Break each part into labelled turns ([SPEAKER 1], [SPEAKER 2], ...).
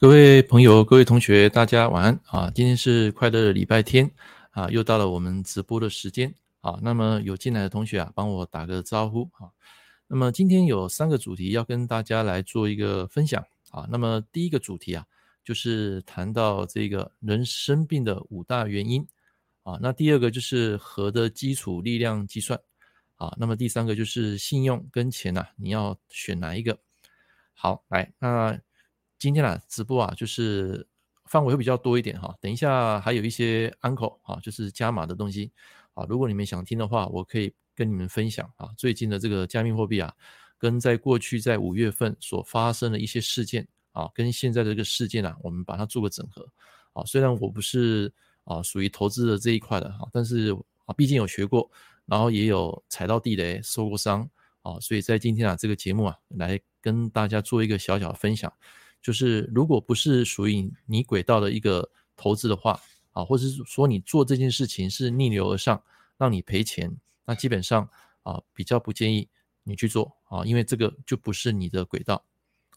[SPEAKER 1] 各位朋友、各位同學，大家晚安啊！今天是快樂的禮拜天啊，又到了我們直播的時間啊。那麼有進來的同學啊，幫我打個招呼啊。那麼今天有三個主題要跟大家來做一個分享啊。那麼第一個主題啊，就是談到這個人生病的五大原因啊。那第二個就是合的基礎力量計算啊。那麼第三個就是信用跟錢啊，你要選哪一個？好，來那。今天啊，直播啊，就是範圍會比較多一點哈、啊。等一下還有一些 uncle 啊，就是加碼的東西啊。如果你們想聽的話，我可以跟你們分享啊，最近的這個加密貨幣啊，跟在過去在五月份所發生的一些事件啊，跟現在的這個事件啊，我們把它做個整合啊。雖然我不是啊屬於投資的這一塊的哈、啊，但是啊，畢竟有學過，然後也有踩到地雷受過傷啊，所以在今天啊這個節目啊，來跟大家做一個小小的分享。就是如果不是屬於你軌道的一個投資的話，啊，或者是說你做這件事情是逆流而上，讓你賠錢，那基本上啊比較不建議你去做啊，因為這個就不是你的軌道。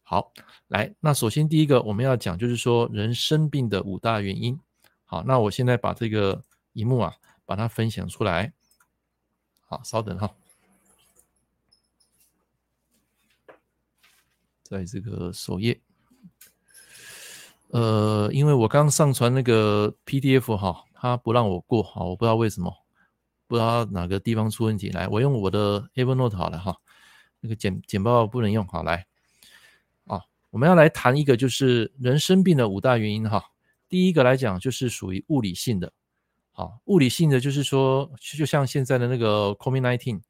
[SPEAKER 1] 好，來，那首先第一個我們要講就是說人生病的五大原因。好，那我現在把這個螢幕啊把它分享出來。好，稍等哈，在這個首頁。呃，因為我剛上傳那個 PDF 哈，它不讓我過，好，我不知道為什麼，不知道哪個地方出問題，來。我用我的 Evernote 好了哈，那個簡簡報不能用，好來。啊，我們要來談一個就是人生病的五大原因哈。第一個來講就是屬於物理性的，啊，物理性的就是說，就像現在的那個 COVID-19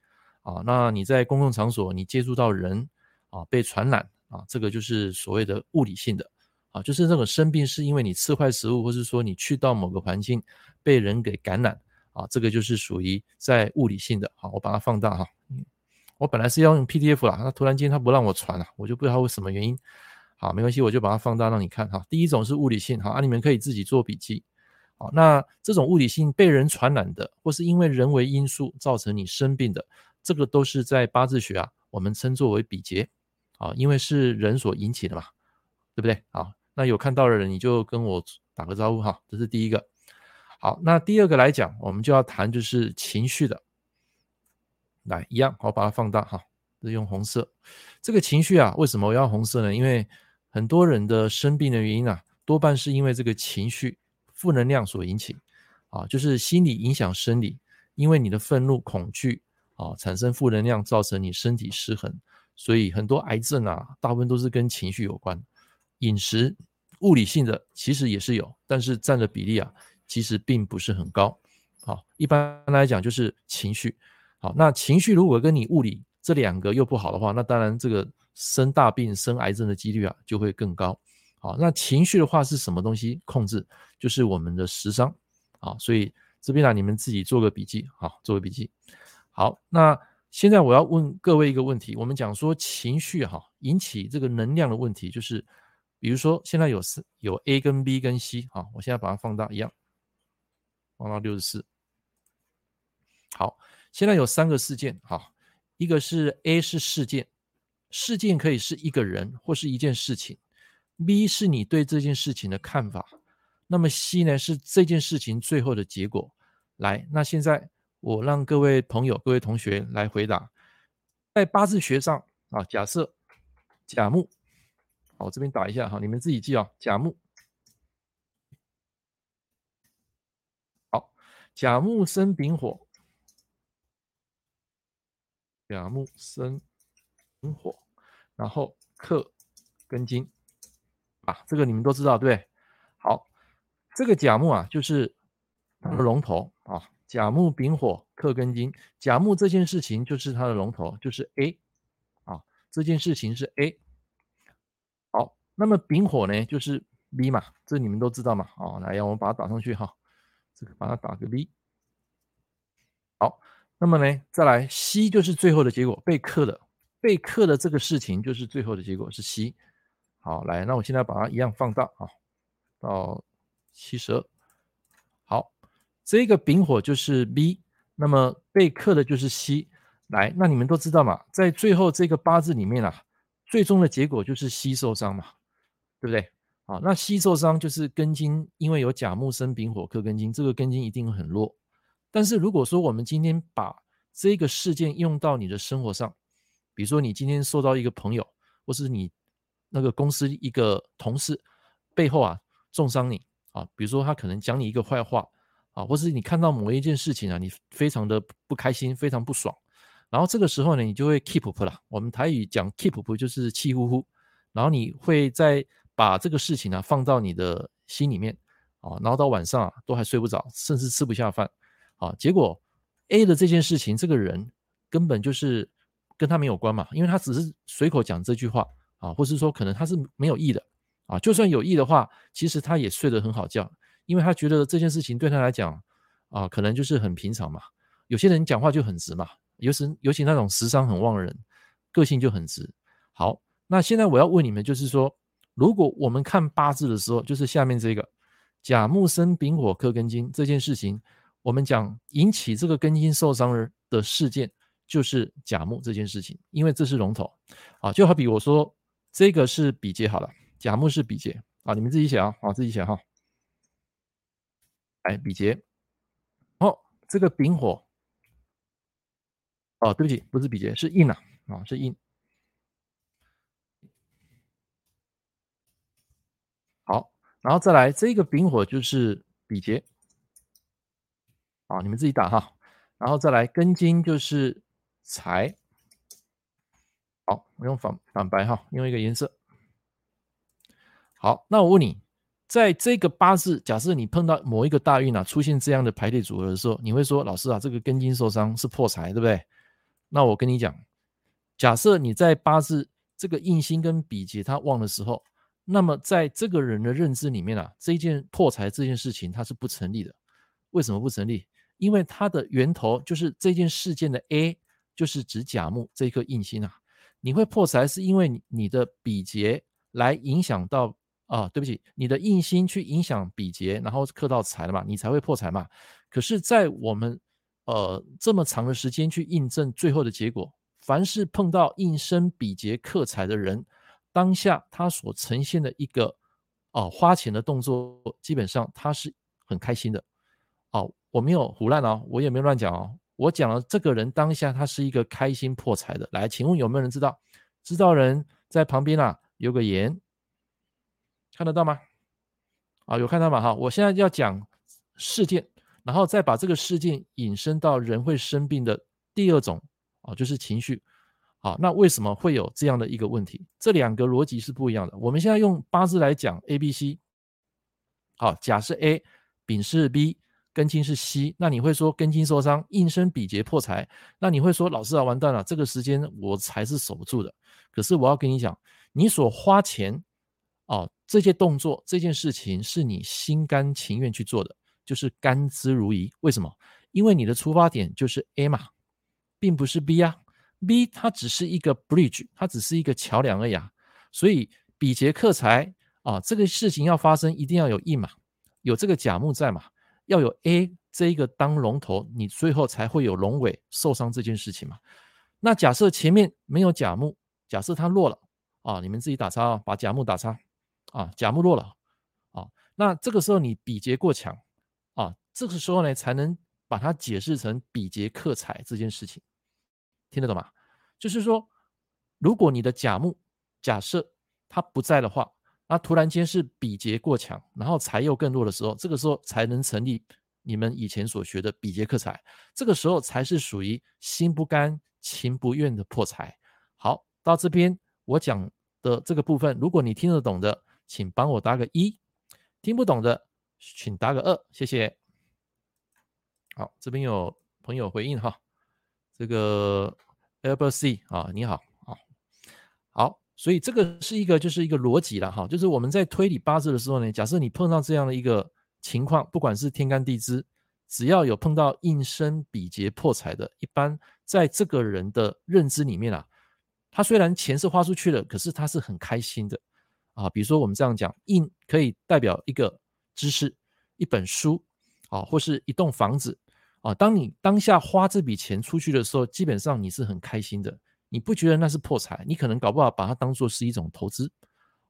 [SPEAKER 1] 啊，那你在公共場所你接觸到人啊，被傳染啊，這個就是所謂的物理性的。啊，就是那種生病是因為你吃壞食物，或是說你去到某個環境被人給感染啊，這個就是屬於在物理性的。好，我把它放大哈、嗯，我本來是要用 PDF 啦，那突然間它不讓我傳了，我就不知道為什麼原因。好，沒關係，我就把它放大讓你看哈、啊。第一種是物理性哈，啊，你們可以自己做筆記。好，那這種物理性被人傳染的，或是因為人為因素造成你生病的，這個都是在八字學啊，我們稱作為比劫啊，因為是人所引起的嘛，對不對啊？那有看到的人，你就跟我打個招呼哈，這是第一個。好，那第二個來講，我們就要談就是情緒的。來，一樣，好，把它放大哈，這是用紅色。這個情緒啊，為什麼我要紅色呢？因為很多人的生病的原因啊，多半是因為這個情緒、負能量所引起。啊，就是心理影響生理，因為你的憤怒、恐懼啊，產生負能量，造成你身體失衡，所以很多癌症啊，大部分都是跟情緒有關。飲食物理性的其實也是有，但是占的比例啊，其實並不是很高。好，一般來講就是情緒。好，那情緒如果跟你物理這兩個又不好的話，那當然這個生大病、生癌症的幾率啊就會更高。好，那情緒的話是什麼東西控制？就是我們的食傷。好，所以這邊呢，啊，你們自己做個筆記，好，做個筆記。好，那現在我要問各位一個問題，我們講說情緒哈，引起這個能量的問題就是。比如說，現在有四有 A 跟 B 跟 C 哈、啊，我現在把它放大一樣，放到六十四。好，現在有三個事件哈、啊，一個是 A 是事件，事件可以是一個人或是一件事情，B 是你對這件事情的看法，那麼 C 呢是這件事情最後的結果。來，那現在我讓各位朋友、各位同學來回答，在八字學上啊，假設甲木。我這邊打一下哈，你們自己記啊、哦。甲木，好，甲木生丙火，甲木生丙火，然後克庚金啊，這個你們都知道對，對？好，這個甲木啊，就是它的龍頭啊。甲木丙火克庚金，甲木這件事情就是它的龍頭，就是 A 啊，這件事情是 A。那麼丙火呢，就是 V 嘛，這你們都知道嘛，哦，來，讓我們把它打上去哈，這個把它打個 V，好，那麼呢，再來 C 就是最後的結果，被克的，被克的這個事情就是最後的結果是 C，好，來，那我現在把它一樣放大啊，到七十二，好，這個丙火就是 V，那麼被克的就是 C，來，那你們都知道嘛，在最後這個八字裡面啊，最終的結果就是 C 受傷嘛。對不對？啊，那西受傷就是庚金，因為有甲木生丙火克庚金，這個庚金一定很弱。但是如果說我們今天把這個事件用到你的生活上，比如說你今天受到一個朋友，或是你那個公司一個同事背後啊中傷你啊，比如說他可能講你一個壞話啊，或是你看到某一件事情啊，你非常的不開心，非常不爽，然後這個時候呢，你就會 keep up 啦。我們台語講 keep up 就是氣呼呼，然後你會在。把這個事情呢啊放到你的心裡面啊，然後到晚上啊都還睡不着，甚至吃不下飯啊。結果 A 的這件事情，這個人根本就是跟他沒有關嘛，因為他只是隨口講這句話啊，或是說可能他是沒有意的啊。就算有意的話，其實他也睡得很好覺，因為他覺得這件事情對他來講啊，可能就是很平常嘛。有些人講話就很直嘛，尤其尤其那種食傷很旺的人，個性就很直。好，那現在我要問你們，就是說。如果我們看八字的時候，就是下面這個甲木生丙火克庚金這件事情，我們講引起這個庚金受傷人的事件就是甲木這件事情，因為這是龍頭啊，就好比我說這個是比劫好了，甲木是比劫啊，你們自己寫啊，啊，自己寫哈、啊。哎，比劫，哦，這個丙火，哦、啊，對不起，不是比劫，是印啊，啊，是印。然後再來這個丙火就是比劫，啊，你們自己打哈。然後再來庚金就是財，好，我用反反白哈，用一個顏色。好，那我問你，在這個八字，假設你碰到某一個大運啊，出現這樣的排列組合的時候，你會說老師啊，這個庚金受傷是破財，對不對？那我跟你講，假設你在八字這個印星跟比劫它旺的時候。那麼，在這個人的認知裡面啊，這件破財這件事情它是不成立的。為什麼不成立？因為它的源頭就是這件事件的 A，就是指甲木這一顆印星啊。你會破財，是因為你的比劫來影響到啊，對不起，你的印星去影響比劫，然後克到財了嘛，你才會破財嘛。可是，在我們呃這麼長的時間去印證最後的結果，凡是碰到印生比劫克財的人。當下他所呈現的一個哦花錢的動作，基本上他是很開心的哦，我沒有胡亂哦，我也沒有亂講哦，我講了這個人當下他是一個開心破財的。來，請問有沒有人知道？知道人在旁邊啦、啊，留個言，看得到嗎？啊、哦，有看到嗎？哈、哦，我現在要講事件，然後再把這個事件引申到人會生病的第二種啊、哦，就是情緒。好，那為什麼會有這樣的一個問題？這兩個邏輯是不一樣的。我們現在用八字來講，A、B、C。好，甲是 A，丙是 B，庚金是 C 那。那你會說庚金受傷，印生比劫破財。那你會說老師啊，完蛋了，這個時間我才是守不住的。可是我要跟你講，你所花錢哦，這些動作這件事情是你心甘情願去做的，就是甘之如飴。為什麼？因為你的出發點就是 A 嘛，並不是 B 啊。B 它只是一個 bridge，它只是一個橋樑而已，啊，所以比劫剋財啊，這個事情要發生，一定要有一嘛，有這個甲木在嘛，要有 A 這一個當龍頭，你最後才會有龍尾受傷這件事情嘛。那假設前面沒有甲木，假設它落了啊，你們自己打叉，哦，把甲木打叉啊，甲木落了啊，那這個時候你比劫過強啊，這個時候呢才能把它解釋成比劫剋財這件事情。聽得懂嗎？就是說，如果你的甲木假設它不在的話，那突然間是比劫過強，然後財又更弱的時候，這個時候才能成立你們以前所學的比劫克財，這個時候才是屬於心不甘情不願的破財。好，到這邊我講的這個部分，如果你聽得懂的，請幫我打個一；聽不懂的，請打個二。謝謝。好，這邊有朋友回應哈。這個 Albert C 啊，你好啊，好，所以這個是一個就是一個邏輯了哈，就是我們在推理八字的時候呢，假設你碰到這樣的一個情況，不管是天干地支，只要有碰到印生比劫破財的，一般在這個人的認知裡面啊，他雖然錢是花出去了，可是他是很開心的啊。比如說我們這樣講，印可以代表一個知識、一本書啊，或是一棟房子。啊，當你當下花這筆錢出去的時候，基本上你是很開心的，你不覺得那是破財？你可能搞不好把它當做是一種投資。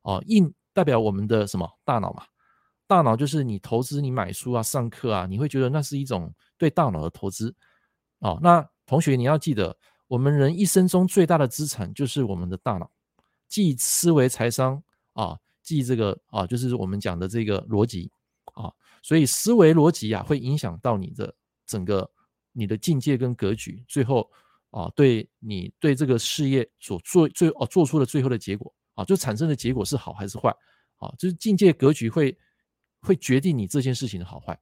[SPEAKER 1] 啊，印代表我們的什麼大腦嘛？大腦就是你投資，你買書啊、上課啊，你會覺得那是一種對大腦的投資。啊，那同學你要記得，我們人一生中最大的資產就是我們的大腦，即思維財商啊，即這個啊，就是我們講的這個邏輯啊，所以思維邏輯啊，會影響到你的。整個你的境界跟格局，最後啊，對你對這個事業所做最哦做出的最後的結果啊，就產生的結果是好還是壞？啊，就是境界格局會會決定你這件事情的好壞，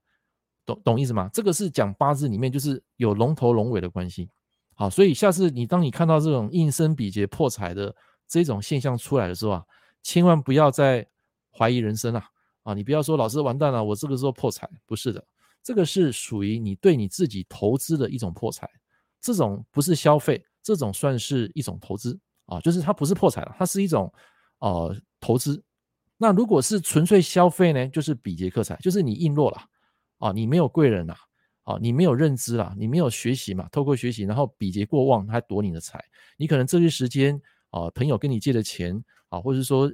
[SPEAKER 1] 懂懂意思嗎？這個是講八字裡面就是有龍頭龍尾的關係。好，所以下次你當你看到這種印生比劫破財的這種現象出來的時候啊，千萬不要再懷疑人生了啊，啊！你不要說老師完蛋了，我這個時候破財，不是的。這個是屬於你對你自己投資的一種破財，這種不是消費，這種算是一種投資啊，就是它不是破財了，它是一種、呃、投資。那如果是純粹消費呢，就是比劫克財，就是你印弱了啊，你沒有貴人啦，啊，啊，你沒有認知啦、啊，你沒有學習嘛，透過學習然後比劫過旺，他奪你的財，你可能這些時間啊、呃，朋友跟你借的錢啊，或者是說，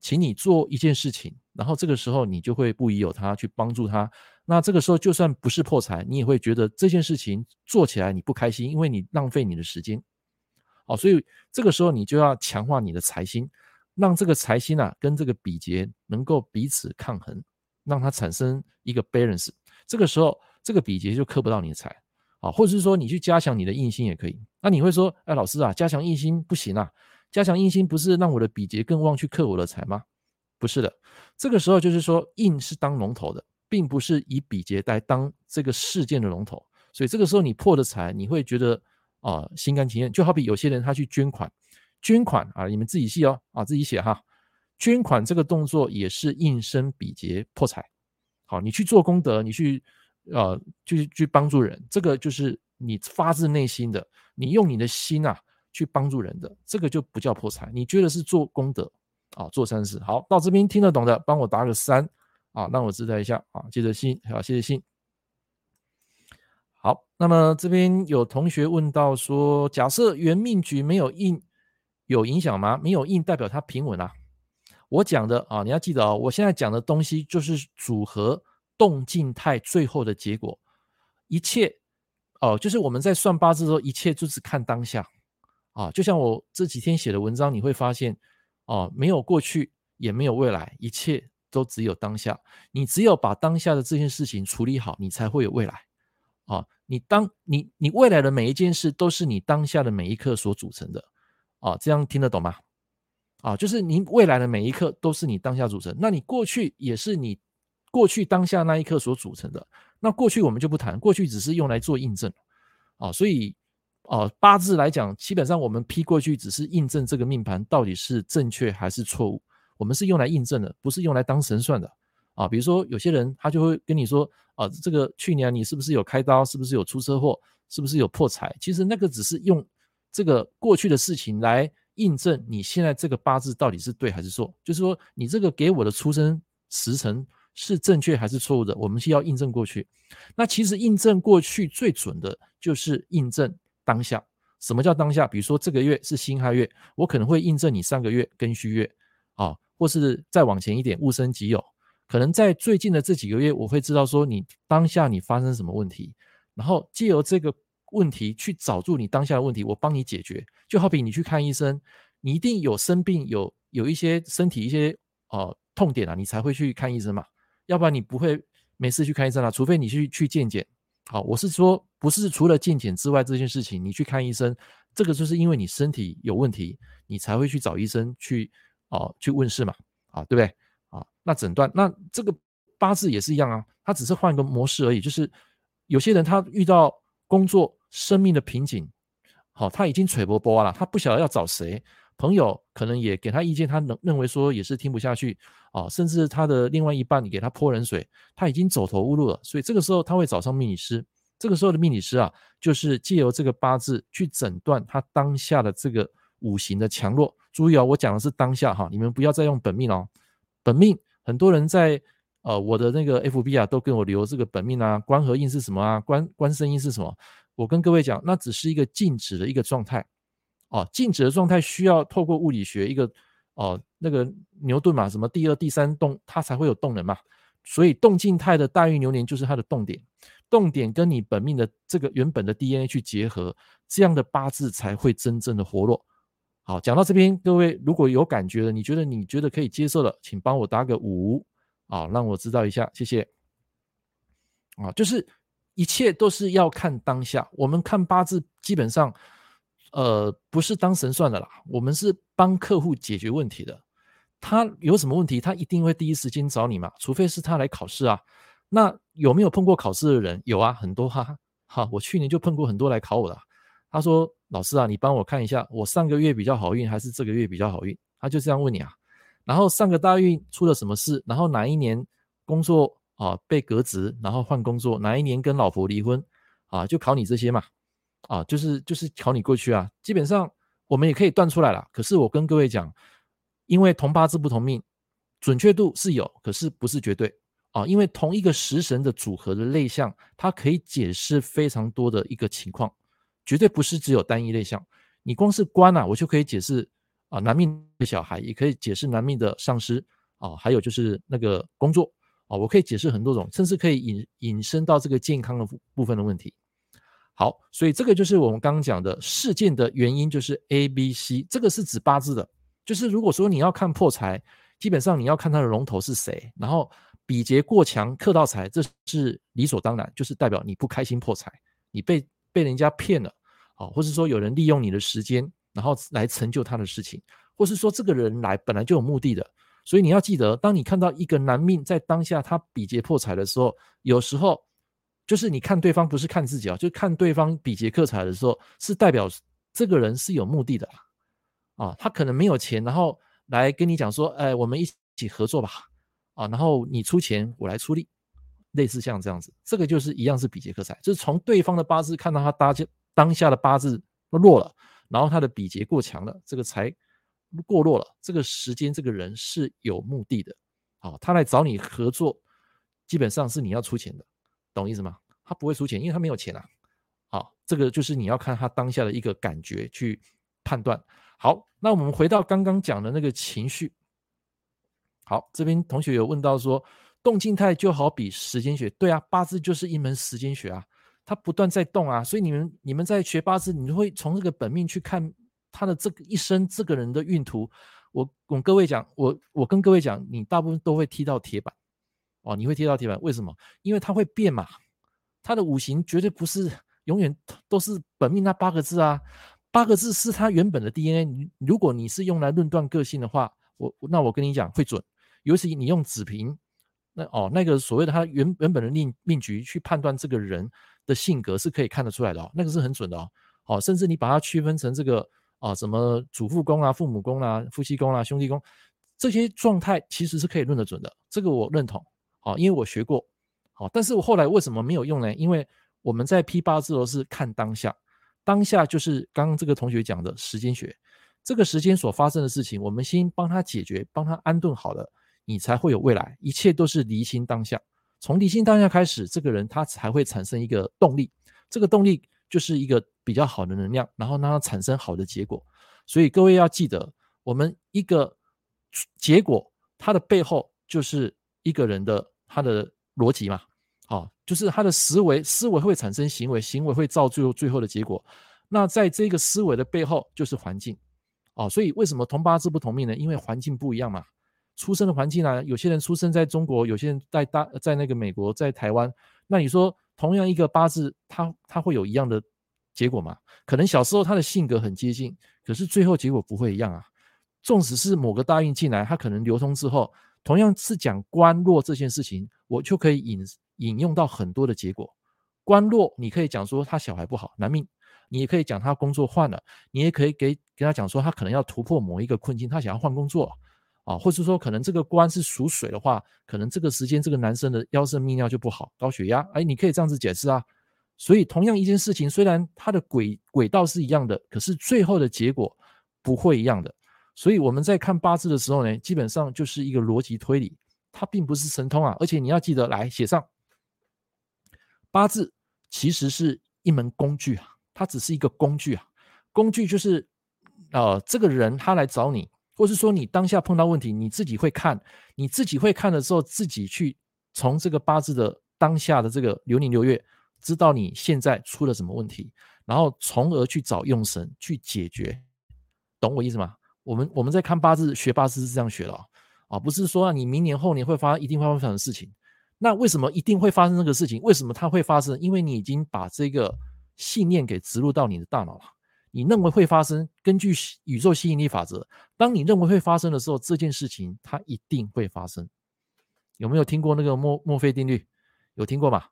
[SPEAKER 1] 請你做一件事情，然後這個時候你就會不疑有他去幫助他。那這個時候就算不是破財，你也會覺得這件事情做起來你不開心，因為你浪費你的時間。好、哦，所以這個時候你就要強化你的財星，讓這個財星啊跟這個比劫能夠彼此抗衡，讓它產生一個 balance。這個時候這個比劫就克不到你的財啊、哦，或者是說你去加強你的印星也可以。那你會說，哎，老師啊，加強印星不行啊。加強印星不是讓我的比劫更旺去克我的財嗎？不是的，這個時候就是說印是當龍頭的，並不是以比劫來當這個事件的龍頭。所以這個時候你破的財，你會覺得啊、呃、心甘情願。就好比有些人他去捐款，捐款啊，你們自己記哦，啊，自己寫哈。捐款這個動作也是印生比劫破財。好，你去做功德，你去呃就是去幫助人，這個就是你發自內心的，你用你的心啊。去幫助人的，這個就不叫破財。你覺得是做功德啊，做善事好。到這邊聽得懂的，幫我打個三啊，讓我知道一下啊。記得信，好，謝謝信。好，那麼這邊有同學問到說，假設原命局沒有印，有影響嗎？沒有印代表它平穩啊。我講的啊，你要記得哦。我現在講的東西就是組合、動、靜態最後的結果，一切哦、呃，就是我們在算八字的時候，一切就是看當下。啊，就像我這幾天寫的文章，你會發現，哦、啊，沒有過去，也沒有未來，一切都只有當下。你只有把當下的這件事情處理好，你才會有未來。啊，你當你你未來的每一件事，都是你當下的每一刻所組成的。啊，這樣聽得懂嗎？啊，就是你未來的每一刻，都是你當下組成。那你過去也是你過去當下那一刻所組成的。那過去我們就不談，過去只是用來做印證。啊，所以。哦、呃，八字來講，基本上我們批過去只是印證這個命盤到底是正確還是錯誤，我們是用來印證的，不是用來當神算的。啊，比如說有些人他就會跟你說，啊，這個去年你是不是有開刀，是不是有出車禍，是不是有破財？其實那個只是用這個過去的事情來印證你現在這個八字到底是對還是錯。就是說你這個給我的出生時辰是正確還是錯誤的，我們需要印證過去。那其實印證過去最準的就是印證當下，什麼叫當下？比如說這個月是辛亥月，我可能會印證你上個月庚戌月，啊，或是再往前一點戊申己酉。可能在最近的這幾個月，我會知道說你當下你發生什麼問題，然後借由這個問題去找出你當下的問題，我幫你解決。就好比你去看醫生，你一定有生病，有有一些身體一些呃痛點啊，你才會去看醫生嘛，要不然你不會沒事去看醫生了，啊，除非你去去健檢。好，我是說，不是除了健檢之外，這件事情你去看醫生，這個就是因為你身體有問題，你才會去找醫生去，哦，去問事嘛，啊，對不對？啊，那診斷，那這個八字也是一樣啊，他只是換一個模式而已，就是有些人他遇到工作生命的瓶頸，好，他已經垂波波了，他不曉得要找誰。朋友可能也給他意見，他能認為說也是聽不下去啊，甚至他的另外一半給他潑冷水，他已經走投無路了，所以這個時候他會找上命理師。這個時候的命理師啊，就是借由這個八字去診斷他當下的這個五行的強弱。注意啊、哦，我講的是當下哈、啊，你們不要再用本命了、哦。本命很多人在呃、啊、我的那個 FB 啊，都跟我留這個本命啊，官合印是什麼啊，官官身印是什麼？我跟各位講，那只是一個靜止的一個狀態。哦，靜止的狀態需要透過物理學一個哦、啊，那個牛頓嘛，什麼第二、第三動，它才會有動能嘛。所以動靜態的大運流年就是它的動點，動點跟你本命的這個原本的 DNA 去結合，這樣的八字才會真正的活絡。好，講到這邊，各位如果有感覺的，你覺得你覺得可以接受的，請幫我打個五，好，讓我知道一下，謝謝。啊，就是一切都是要看當下，我們看八字基本上。呃，不是當神算的啦，我們是幫客戶解決問題的。他有什麼問題，他一定會第一時間找你嘛，除非是他來考試啊。那有沒有碰過考試的人？有啊，很多哈、啊。哈，我去年就碰過很多來考我的。他說：“老師啊，你幫我看一下，我上個月比較好運，還是這個月比較好運？”他就這樣問你啊。然後上個大運出了什麼事？然後哪一年工作啊、呃、被革職？然後換工作哪一年跟老婆離婚？啊、呃，就考你這些嘛。啊，就是就是調你過去啊，基本上我們也可以斷出來了。可是我跟各位講，因為同八字不同命，準確度是有，可是不是絕對啊。因為同一個食神的組合的類象，它可以解釋非常多的一個情況，絕對不是只有單一類象。你光是官啊，我就可以解釋啊男命，的小孩，也可以解釋男命的上司啊，還有就是那個工作啊，我可以解釋很多種，甚至可以引引申到這個健康的部部分的問題。好，所以這個就是我們剛剛講的事件的原因，就是 A、B、C，這個是指八字的，就是如果說你要看破財，基本上你要看他的龍頭是誰，然後比劫過強，克到財，這是理所當然，就是代表你不開心破財，你被被人家騙了，啊、哦，或是說有人利用你的時間，然後來成就他的事情，或是說這個人來本來就有目的的，所以你要記得，當你看到一個男命在當下他比劫破財的時候，有時候。就是你看對方不是看自己啊，就看對方比劫克財的時候，是代表這個人是有目的的啊。他可能沒有錢，然後來跟你講說：“哎，我們一起合作吧。”啊，然後你出錢，我來出力，類似像這樣子，這個就是一樣是比劫克財。就是從對方的八字看到他搭接當下的八字都弱了，然後他的比劫過強了，這個財過弱了，這個時間這個人是有目的的。啊，他來找你合作，基本上是你要出錢的。懂意思嗎？他不會輸錢，因為他沒有錢啊。好、哦，這個就是你要看他當下的一個感覺去判斷。好，那我們回到剛剛講的那個情緒。好，這邊同學有問到說，動靜態就好比時間學，對啊，八字就是一門時間學啊，它不斷在動啊。所以你們你們在學八字，你會從這個本命去看他的這個一生這個人的運途。我我各位講，我我跟各位講，你大部分都會踢到鐵板。哦，你會貼到鐵板，為什麼？因為它會變嘛。它的五行絕對不是永遠都是本命那八個字啊，八個字是他原本的 DNA。如果你是用來論斷個性的話，我那我跟你講會準。尤其你用子平，那哦，那個所謂的他原原本的命命局去判斷這個人的性格是可以看得出來的哦，那個是很準的哦。哦，甚至你把它區分成這個啊什麼祖父宮啊、父母宮啊、夫妻宮啊、兄弟宮，這些狀態其實是可以論得準的，這個我認同。好，因為我學過，好，但是我後來為什麼沒有用呢？因為我們在批八字之後是看當下，當下就是剛剛這個同學講的時間學，這個時間所發生的事情，我們先幫他解決，幫他安頓好了，你才會有未來。一切都是釐清當下，從釐清當下開始，這個人他才會產生一個動力，這個動力就是一個比較好的能量，然後讓他產生好的結果。所以各位要記得，我們一個結果，它的背後就是。一個人的他的邏輯嘛，好，就是他的思維，思維會產生行為，行為會造最後最後的結果。那在這個思維的背後就是環境，哦，所以為什麼同八字不同命呢？因為環境不一樣嘛。出生的環境呢，啊，有些人出生在中國，有些人在大在那個美國，在台灣。那你說同樣一個八字，他他會有一樣的結果嗎？可能小時候他的性格很接近，可是最後結果不會一樣啊。縱使是某個大運進來，他可能流通之後。同樣是講官落這件事情，我就可以引引用到很多的結果。官落，你可以講說他小孩不好，男命；你也可以講他工作換了，你也可以給給他講說他可能要突破某一個困境，他想要換工作啊，或者說可能這個官是屬水的話，可能這個時間這個男生的腰腎泌尿就不好，高血壓。哎，你可以這樣子解釋啊。所以同樣一件事情，雖然他的軌軌道是一樣的，可是最後的結果不會一樣的。所以我們在看八字的時候呢，基本上就是一個邏輯推理，它並不是神通啊。而且你要記得來寫上。八字其實是一門工具啊，它只是一個工具啊。工具就是，呃，這個人他來找你，或是說你當下碰到問題，你自己會看，你自己會看的時候，自己去從這個八字的當下的這個流年流月，知道你現在出了什麼問題，然後從而去找用神去解決，懂我意思嗎？我們我們在看八字，學八字是這樣學的啊，啊，不是說、啊、你明年後年會發生一定會發生的事情。那為什麼一定會發生這個事情？為什麼它會發生？因為你已經把這個信念給植入到你的大腦了。你認為會發生，根據宇宙吸引力法則，當你認為會發生的時候，這件事情它一定會發生。有沒有聽過那個墨墨菲定律？有聽過嗎？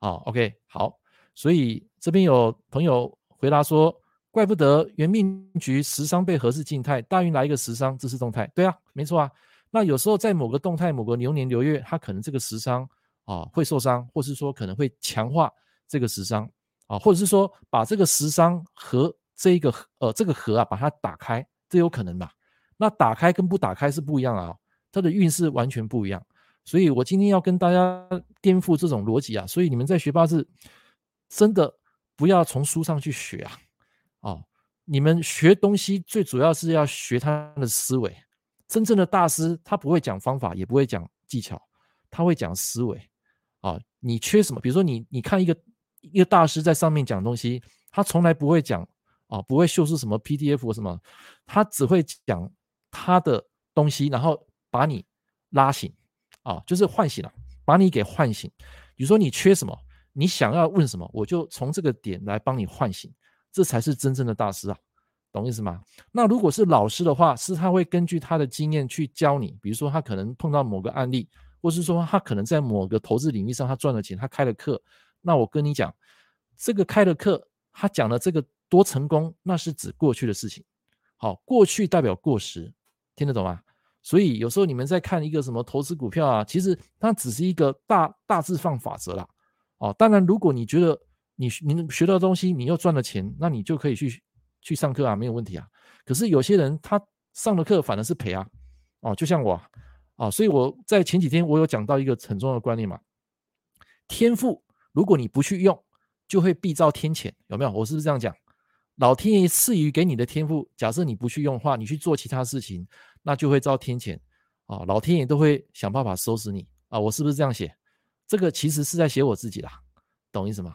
[SPEAKER 1] 啊，OK，好。所以這邊有朋友回答說。怪不得原命局食傷被合是靜態，大運來一個食傷，這是動態。對啊，沒錯啊。那有時候在某個動態、某個流年、流月，它可能這個食傷啊會受傷，或是說可能會強化這個食傷啊，或者是說把這個食傷和這一個呃這個合啊把它打開，這有可能吧？那打開跟不打開是不一樣啊，它的運勢完全不一樣。所以我今天要跟大家顛覆這種邏輯啊，所以你們在學八字真的不要從書上去學啊。哦，你們學東西最主要是要學他的思維。真正的大師，他不會講方法，也不會講技巧，他會講思維。啊、哦，你缺什麼？比如說，你你看一個一個大師在上面講東西，他從來不會講啊、哦，不會秀出什麼 PDF 或什麼，他只會講他的東西，然後把你拉醒啊、哦，就是喚醒了，把你給喚醒。比如說你缺什麼，你想要問什麼，我就從這個點來幫你喚醒。這才是真正的大師啊，懂意思嗎？那如果是老師的話，是他會根據他的經驗去教你。比如說，他可能碰到某個案例，或是說他可能在某個投資領域上他賺了錢，他開了課。那我跟你講，這個開了課，他講的這個多成功，那是指過去的事情。好，哦，過去代表過時，聽得懂嗎？所以有時候你們在看一個什麼投資股票啊，其實它只是一個大大致放法則啦。哦，當然，如果你覺得，你你學到東西，你又賺了錢，那你就可以去去上課啊，沒有問題啊。可是有些人他上了課反而是賠啊，哦，就像我啊，啊，所以我在前幾天我有講到一個很重要的觀念嘛，天賦如果你不去用，就會必遭天譴，有沒有？我是不是這樣講？老天爺賜予給你的天賦，假設你不去用的話，你去做其他事情，那就會遭天譴哦，老天爺都會想辦法收拾你啊，我是不是這樣寫？這個其實是在寫我自己啦，懂意思嗎？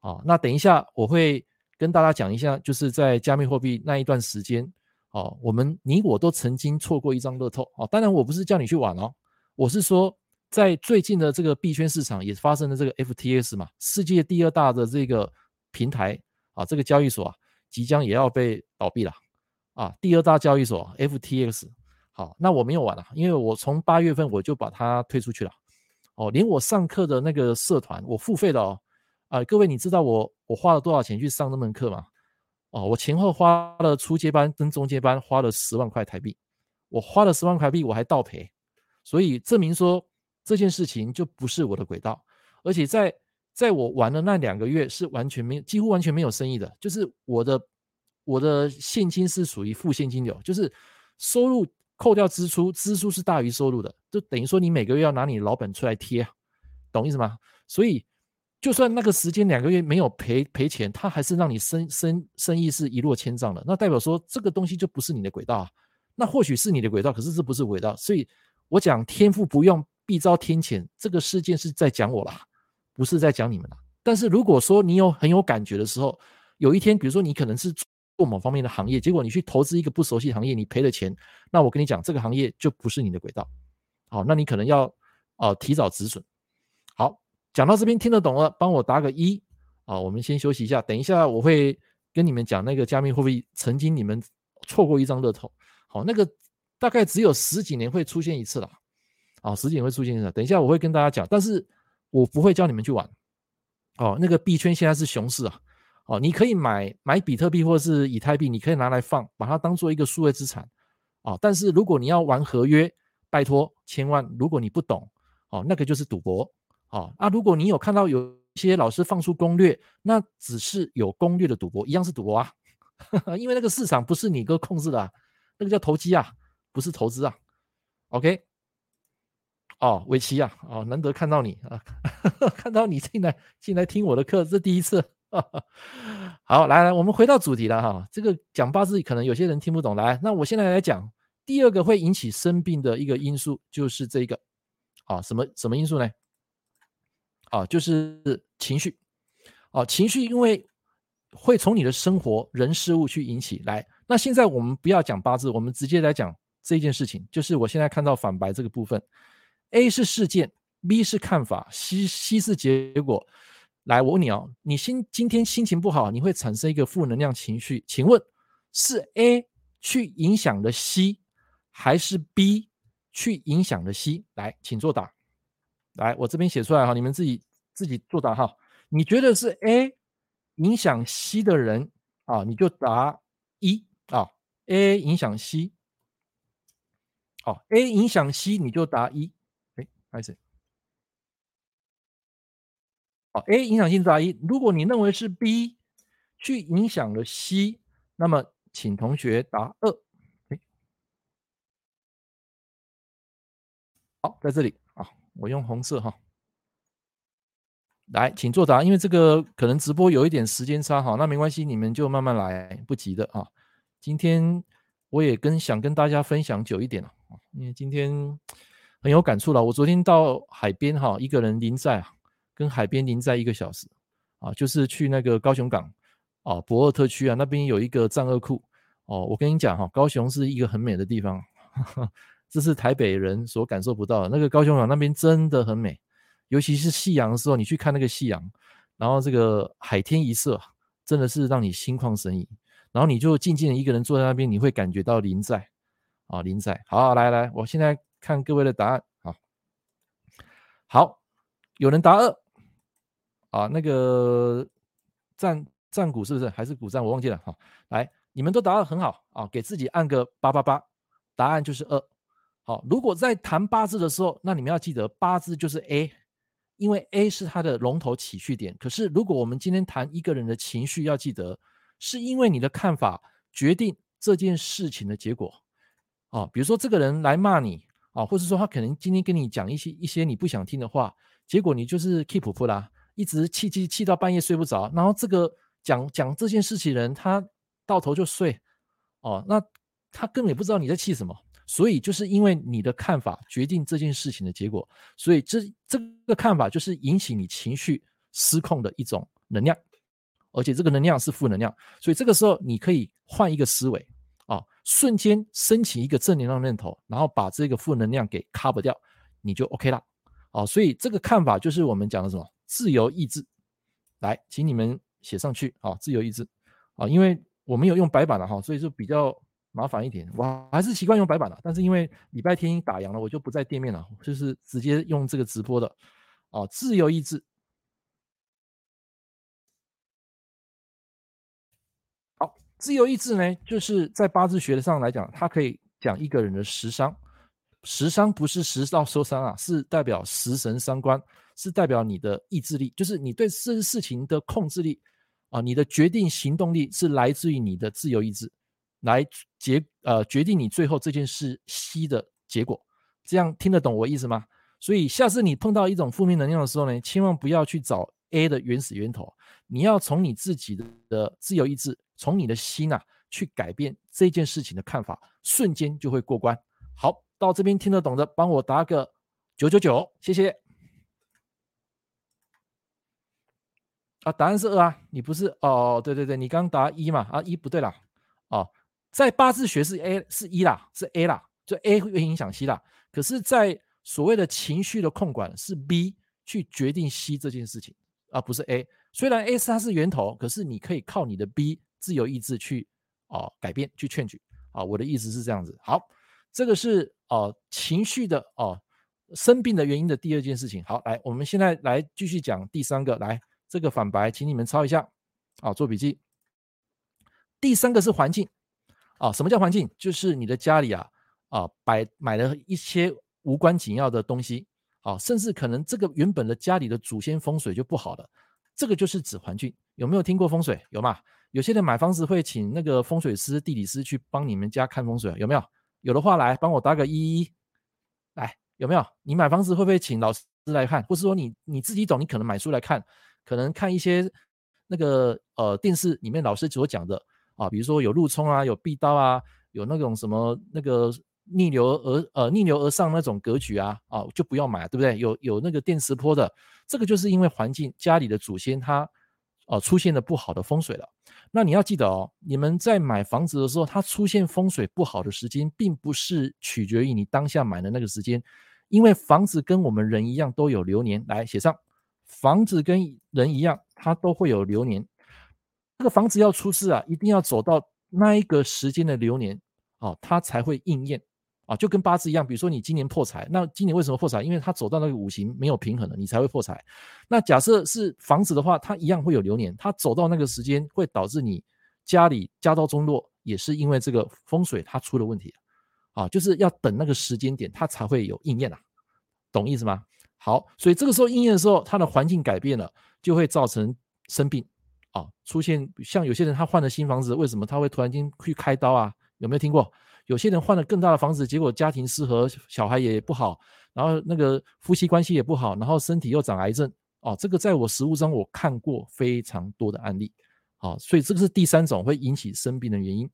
[SPEAKER 1] 啊，那等一下我會跟大家講一下，就是在加密貨幣那一段時間，哦、啊，我們你我都曾經錯過一張樂透哦、啊。當然，我不是叫你去玩哦，我是說在最近的這個幣圈市場也發生了這個 FTX 嘛，世界第二大的這個平台啊，這個交易所啊即將也要被倒閉了啊，第二大交易所 FTX。FTX，好，那我沒有玩了，因為我從八月份我就把它推出去了哦、啊，連我上課的那個社團我付費了哦。啊、呃，各位，你知道我我花了多少錢去上這門課嗎？哦，我前後花了初階班跟中階班，花了十萬塊台幣，我花了十萬塊台幣，我還倒賠，所以證明說，這件事情就不是我的軌道。而且在在我玩的那兩個月是完全沒幾乎完全沒有生意的，就是我的我的現金是屬於負現金流，就是收入扣掉支出，支出是大於收入的，就等於說你每個月要拿你老本出來貼，懂意思嗎？所以。就算那個時間兩個月沒有賠賠錢，他還是讓你生生生意，是一落千丈的，那代表說這個東西就不是你的軌道啊，那或許是你的軌道，可是這不是軌道。所以我講天賦不用必遭天譴，這個事件是在講我啦，不是在講你們啦。但是如果說你有很有感覺的時候，有一天比如說你可能是做某方面的行業，結果你去投資一個不熟悉的行業，你賠了錢，那我跟你講，這個行業就不是你的軌道。好，那你可能要哦，呃，提早止損。講到這邊聽得懂了，幫我打個一啊！我們先休息一下，等一下我會跟你們講那個加密貨幣。曾經你們錯過一張樂透，好，那個大概只有十幾年會出現一次了，啊，十幾年會出現一次，等一下我會跟大家講。但是我不會教你們去玩哦，啊。那個幣圈現在是熊市啊，啊，你可以買買比特幣或者是以太幣，你可以拿來放，把它當做一個數位資產啊。但是如果你要玩合約，拜託，千萬如果你不懂哦，啊，那個就是賭博。哦，那、啊、如果你有看到有些老師放出攻略，那只是有攻略的賭博，一樣是賭博啊呵呵，因為那個市場不是你哥控制的、啊，那個叫投機啊，不是投資啊。OK，哦，偉奇啊，哦，難得看到你啊呵呵，看到你進來進來聽我的課這第一次。呵呵好，來來，我們回到主題了哈、哦，這個講八字可能有些人聽不懂，來，那我現在來講第二個會引起生病的一個因素，就是這個，啊、哦，什麼什麼因素呢？啊，就是情緒，啊，情緒因為會從你的生活、人、事物去引起來。那現在我們不要講八字，我們直接來講這件事情。就是我現在看到反白這個部分，A 是事件，B 是看法，C C 是結果。來，我問你哦，你心今天心情不好，你會產生一個負能量情緒。請問是 A 去影響了 C，還是 B 去影響了 C？來，請作答。來，我這邊寫出來哈，你們自己自己作答哈。你覺得是 A 影響 C 的人啊，你就答一啊。A 影響 C，好，啊，A 影響 C，你就答一。哎，開始。好，啊，A 影響性答一。如果你認為是 B 去影響了 C，那麼請同學答二，哎。好，在這裡。我用紅色哈，來，請作答。因為這個可能直播有一點時間差，哈，那沒關係，你們就慢慢來，不急的啊。今天我也跟想跟大家分享久一點了，因為今天很有感觸了。我昨天到海邊哈，一個人臨在跟海邊臨在一個小時啊，就是去那個高雄港啊，駁二特區啊，那邊有一個棧貳庫哦。我跟你講哈，高雄是一個很美的地方。這是台北人所感受不到的，那個高雄港那邊真的很美，尤其是夕陽的時候，你去看那個夕陽，然後這個海天一色，真的是讓你心曠神怡。然後你就靜靜的一個人坐在那邊，你會感覺到臨在啊，臨在。好，好，來來，我現在看各位的答案，好好，有人答二啊，那個戰戰鼓是不是還是鼓戰？我忘記了，好，啊，來，你們都答得很好啊，給自己按個八八八，答案就是二。哦，如果在談八字的時候，那你們要記得，八字就是 A，因為 A 是它的龍頭起序點。可是，如果我們今天談一個人的情緒，要記得，是因為你的看法決定這件事情的結果。哦，比如說這個人來罵你，哦，或者說他可能今天跟你講一些一些你不想聽的話，結果你就是 keep 不住啦，一直氣氣氣到半夜睡不着，然後這個講講這件事情的人他到頭就睡，哦，那他根本也不知道你在氣什麼。所以就是因為你的看法決定這件事情的結果，所以這這個看法就是引起你情緒失控的一種能量，而且這個能量是負能量，所以這個時候你可以換一個思維啊，瞬間升起一個正能量念頭，然後把這個負能量給 cover 掉，你就 OK 了，啊，所以這個看法就是我們講的什麼自由意志，來，請你們寫上去啊，自由意志啊，因為我沒有用白板的哈，所以就比較。麻煩一點，我還是習慣用白板的。但是因為禮拜天已經打烊了，我就不在店面了，就是直接用這個直播的。啊，自由意志。好，自由意志呢，就是在八字學上來講，它可以講一個人的食傷。食傷不是食到受傷啊，是代表食神傷官，是代表你的意志力，就是你對這些事情的控制力啊，你的決定行動力是來自於你的自由意志。來決呃決定你最後這件事 C 的結果，這樣聽得懂我意思嗎？所以下次你碰到一種負面能量的時候呢，千萬不要去找 A 的原始源頭，你要從你自己的自由意志，從你的心吶、啊、去改變這件事情的看法，瞬間就會過關。好，到這邊聽得懂的，幫我答個九九九，謝謝。啊，答案是二啊，你不是哦，對對對，你剛答一嘛，啊一不對了，哦。在八字學是 A 是一、e、啦，是 A 啦，就 A 會影響 C 啦。可是，在所謂的情緒的控管是 B 去決定 C 這件事情、啊，而不是 A。雖然 A 它是，是源頭，可是你可以靠你的 B 自由意志去哦、呃、改變，去勸舉啊。我的意思是這樣子。好，這個是哦、呃、情緒的哦、呃、生病的原因的第二件事情。好，來，我們現在來繼續講第三個。來，這個反白，請你們抄一下啊，做筆記。第三個是環境。啊，什麼叫環境？就是你的家裡啊，啊擺買了一些無關緊要的東西，啊，甚至可能這個原本的家裡的祖先風水就不好了。這個就是指環境。有沒有聽過風水？有嘛？有些人買房子會請那個風水師、地理師去幫你們家看風水，有沒有？有的話來幫我打個一一一，來有沒有？你買房子會不會請老師來看？或是說你你自己懂，你可能買書來看，可能看一些那個呃電視裡面老師所講的。啊，比如說有路衝啊，有壁刀啊，有那種什麼那個逆流而呃逆流而上那種格局啊，啊就不要買，對不對？有有那個電磁波的，這個就是因為環境家裡的祖先他出現了不好的風水了。那你要記得哦，你們在買房子的時候，它出現風水不好的時間，並不是取決於你當下買的那個時間，因為房子跟我們人一樣都有流年來寫上，房子跟人一樣，它都會有流年。這個房子要出事啊，一定要走到那一個時間的流年啊，它才會應驗啊，就跟八字一樣。比如說你今年破財，那今年為什麼破財？因為它走到那個五行沒有平衡了，你才會破財。那假設是房子的話，它一樣會有流年，它走到那個時間會導致你家裡家道中落，也是因為這個風水它出了問題啊。就是要等那個時間點，它才會有應驗啊，懂意思嗎？好，所以這個時候應驗的時候，它的環境改變了，就會造成生病。出現像有些人他換了新房子，為什麼他會突然間去開刀啊？有沒有聽過？有些人換了更大的房子，結果家庭失和，小孩也不好，然後那個夫妻關係也不好，然後身體又長癌症。哦，這個在我實務中我看過非常多的案例。好，所以這個是第三種會引起生病的原因。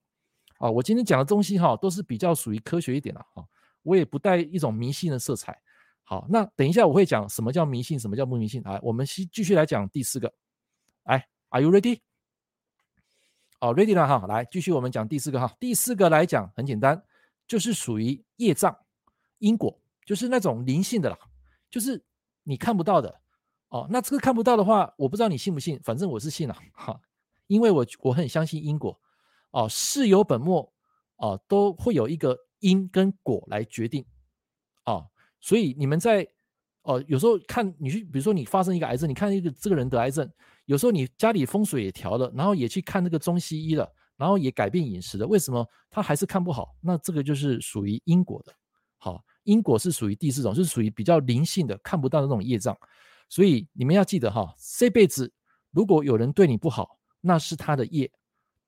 [SPEAKER 1] 啊，我今天講的東西哈，都是比較屬於科學一點的哈，我也不帶一種迷信的色彩。好，那等一下我會講什麼叫迷信，什麼叫不迷信。來，我們先繼續來講第四個，哎。Are you ready? 好、oh，ready 了哈，來繼續我們講第四個哈。第四個來講很簡單，就是屬於業障、因果，就是那種靈性的啦，就是你看不到的哦、呃。那這個看不到的話，我不知道你信不信，反正我是信了哈，因為我我很相信因果哦，事、呃、有本末哦、呃，都會有一個因跟果來決定哦、呃。所以你們在哦、呃，有時候看你去，比如說你發生一個癌症，你看一個這個人得癌症。有時候你家裡風水也調了，然後也去看那個中西醫了，然後也改變飲食了，為什麼他還是看不好？那這個就是屬於因果的。好，因果是屬於第四種，是屬於比較靈性的，看不到的那種業障。所以你們要記得哈，這輩子如果有人對你不好，那是他的業；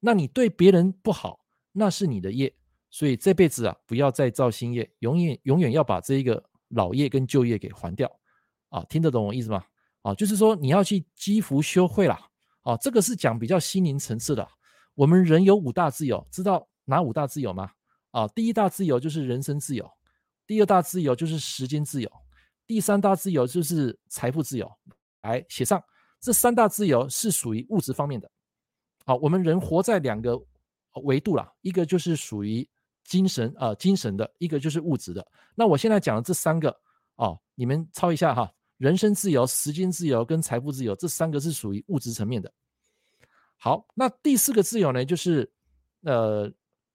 [SPEAKER 1] 那你對別人不好，那是你的業。所以這輩子啊，不要再造新業，永遠永遠要把這個老業跟舊業給還掉。啊，聽得懂我意思嗎？啊，就是說你要去積福修慧啦。啊，這個是講比較心靈層次的。我們人有五大自由，知道哪五大自由嗎？啊，第一大自由就是人身自由，第二大自由就是時間自由，第三大自由就是財富自由。來寫上這三大自由是屬於物質方面的。啊，我們人活在兩個維度了，一個就是屬於精神啊、呃、精神的，一個就是物質的。那我現在講的這三個啊，你們抄一下哈。人生自由、時間自由跟財富自由，這三個是屬於物質層面的。好，那第四個自由呢，就是呃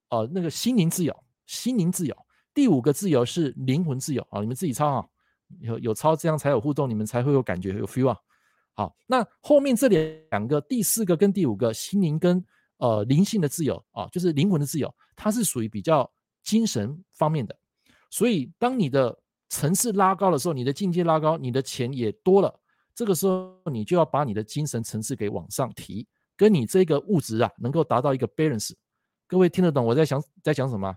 [SPEAKER 1] 哦、呃、那個心靈自由，心靈自由。第五個自由是靈魂自由啊，你們自己抄啊，有有抄這樣才有互動，你們才會有感覺有 feel 啊。好，那後面這兩兩個，第四個跟第五個，心靈跟呃靈性的自由啊，就是靈魂的自由，它是屬於比較精神方面的。所以當你的層次拉高的時候，你的境界拉高，你的錢也多了。這個時候，你就要把你的精神層次給往上提，跟你這個物質啊，能夠達到一個 balance。各位聽得懂我在想在講什麼、啊？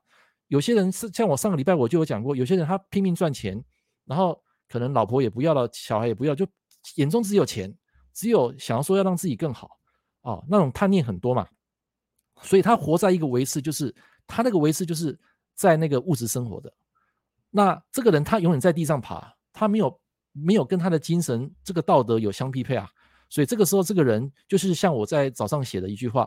[SPEAKER 1] 有些人是像我上個禮拜我就有講過，有些人他拼命賺錢，然後可能老婆也不要了，小孩也不要，就眼中只有錢，只有想要說要讓自己更好哦、啊，那種貪念很多嘛。所以他活在一個維次，就是他那個維次就是在那個物質生活的。那這個人他永遠在地上爬，他沒有沒有跟他的精神這個道德有相匹配啊，所以這個時候這個人就是像我在早上寫的一句話，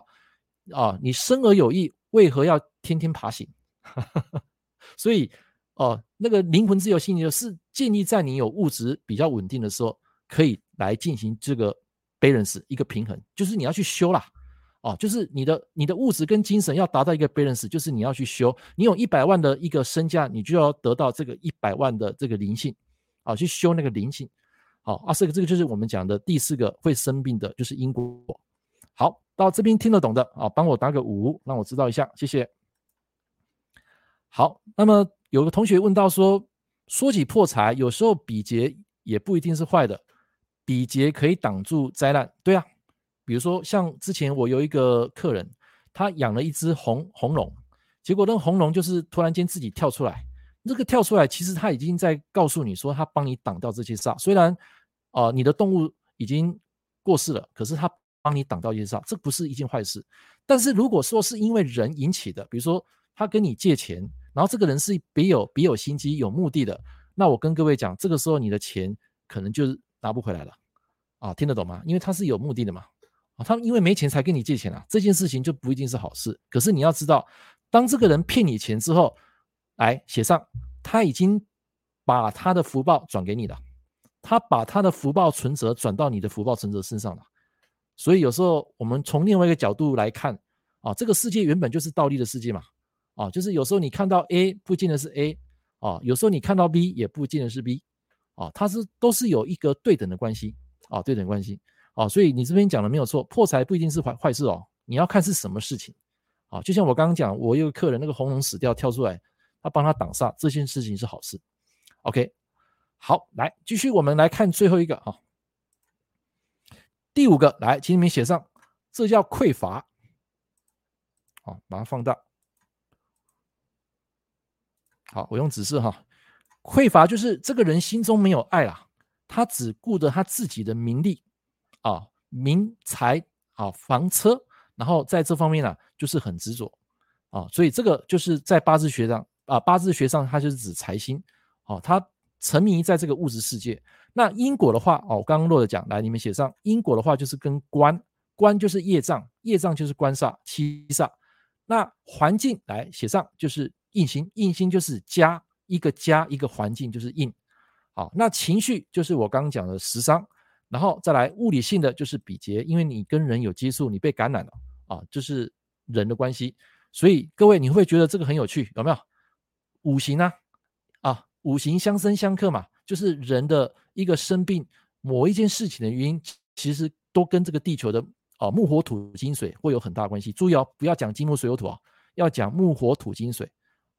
[SPEAKER 1] 啊，你生而有意，為何要天天爬行？ 所以，哦，那個靈魂自由心理就是建議在你有物質比較穩定的時候，可以來進行這個 balance 一個平衡，就是你要去修啦。哦、啊，就是你的你的物質跟精神要達到一個 balance，就是你要去修。你有一百萬的一個身價，你就要得到這個一百萬的這個靈性，啊，去修那個靈性。好，啊，這、啊、個，這個就是我們講的第四個會生病的，就是因果。好，到這邊聽得懂的啊，幫我打個五，讓我知道一下，謝謝。好，那麼有個同學問到說，說起破財，有時候比劫也不一定是壞的，比劫可以擋住災難，對啊。比如說，像之前我有一個客人，他養了一隻紅紅龍，結果那紅龍就是突然間自己跳出來。那個跳出來，其實他已經在告訴你說，他幫你擋掉這些煞。雖然，呃，啊，你的動物已經過世了，可是他幫你擋掉這些煞，這不是一件壞事。但是如果說是因為人引起的，比如說他跟你借錢，然後這個人是別有別有心機、有目的的，那我跟各位講，這個時候你的錢可能就拿不回來了。啊，聽得懂嗎？因為他是有目的的嘛。哦，他們因為沒錢才跟你借錢啊，這件事情就不一定是好事。可是你要知道，當這個人騙你錢之後，來寫上，他已經把他的福報轉給你了，他把他的福報存折轉到你的福報存折身上了。所以有時候我們從另外一個角度來看，啊，這個世界原本就是倒立的世界嘛，啊，就是有時候你看到 A 不見得是 A，啊，有時候你看到 B 也不見得是 B，啊，它是都是有一個對等的關係，啊，對等關係。哦，所以你這邊講的沒有錯，破財不一定是壞壞事哦，你要看是什麼事情。好，就像我剛剛講，我有個客人，那個紅龍死掉跳出來，他幫他擋煞，這件事情是好事。OK，好，來繼續，我們來看最後一個啊、哦。第五個，來，請你們寫上，這叫匱乏。好，把它放大。好，我用紫色哈，匱乏就是這個人心中沒有愛啊，他只顧着他自己的名利。啊，名財啊，房車，然後在這方面呢、啊，就是很執着啊，所以這個就是在八字學上啊，八字學上它就是指財星，啊，它沉迷在這個物質世界。那因果的話，哦、啊，我剛剛落的講，來你們寫上。因果的話就是跟官，官就是業障，業障就是官煞、七煞。那環境來寫上就是印星，印星就是家，一個家，一個環境就是印。啊，那情緒就是我剛剛講的食傷。然後再來物理性的就是比劫，因為你跟人有接觸，你被感染了啊，就是人的關係。所以各位，你會覺得這個很有趣？有沒有五行呢？啊，啊，五行相生相克嘛，就是人的一個生病某一件事情的原因，其實都跟這個地球的啊木火土金水會有很大關係。注意哦，不要講金木水火土啊，要講木火土金水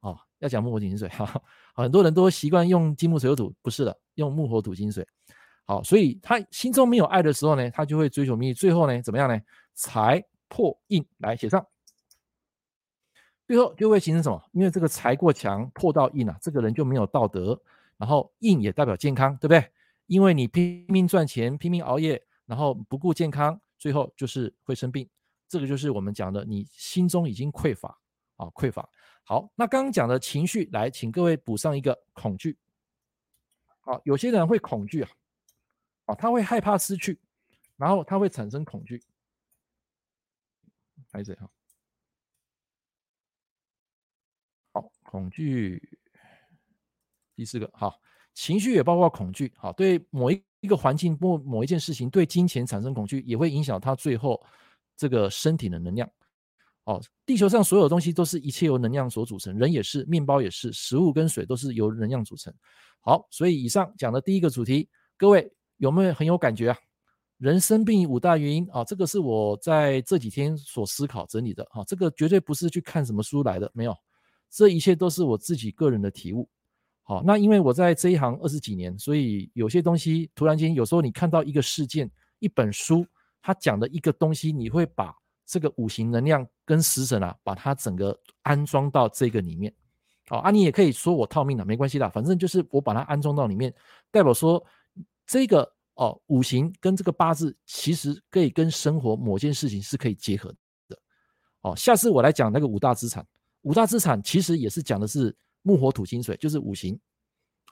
[SPEAKER 1] 啊，要講木火土金水，啊。很多人都習慣用金木水火土，不是的，用木火土金水。好，所以他心中沒有愛的時候呢，他就會追求命運，最後呢，怎麼樣呢？財破印，來，寫上，最後就會形成什麼？因為這個財過強破到印啊，這個人就沒有道德，然後印也代表健康，對不對？因為你拼命賺錢，拼命熬夜，然後不顧健康，最後就是會生病。這個就是我們講的，你心中已經匱乏啊，匱乏。好，那剛剛講的情緒，來，請各位補上一個恐懼。好，有些人會恐懼啊。哦，他會害怕失去，然後他會產生恐懼。還是哈，好，恐懼。第四個哈，情緒也包括恐懼。好，對某一一個環境、某某一件事情，對金錢產生恐懼，也會影響他最後這個身體的能量。哦，地球上所有東西都是一切由能量所組成，人也是，麵包也是，食物跟水都是由能量組成。好，所以以上講的第一個主題，各位。有沒有很有感覺啊？人生病五大原因啊，這個是我在這幾天所思考整理的啊，這個絕對不是去看什麼書來的，沒有，這一切都是我自己個人的體悟。好，啊，那因為我在這一行二十幾年，所以有些東西突然間，有時候你看到一個事件、一本書，它講的一個東西，你會把這個五行能量跟十神啊，把它整個安裝到這個裡面。好，啊，啊你也可以說我套命了，沒關係啦，反正就是我把它安裝到裡面，代表說。這個哦，五行跟這個八字其實可以跟生活某件事情是可以結合的哦。下次我來講那個五大資產，五大資產其實也是講的是木火土金水，就是五行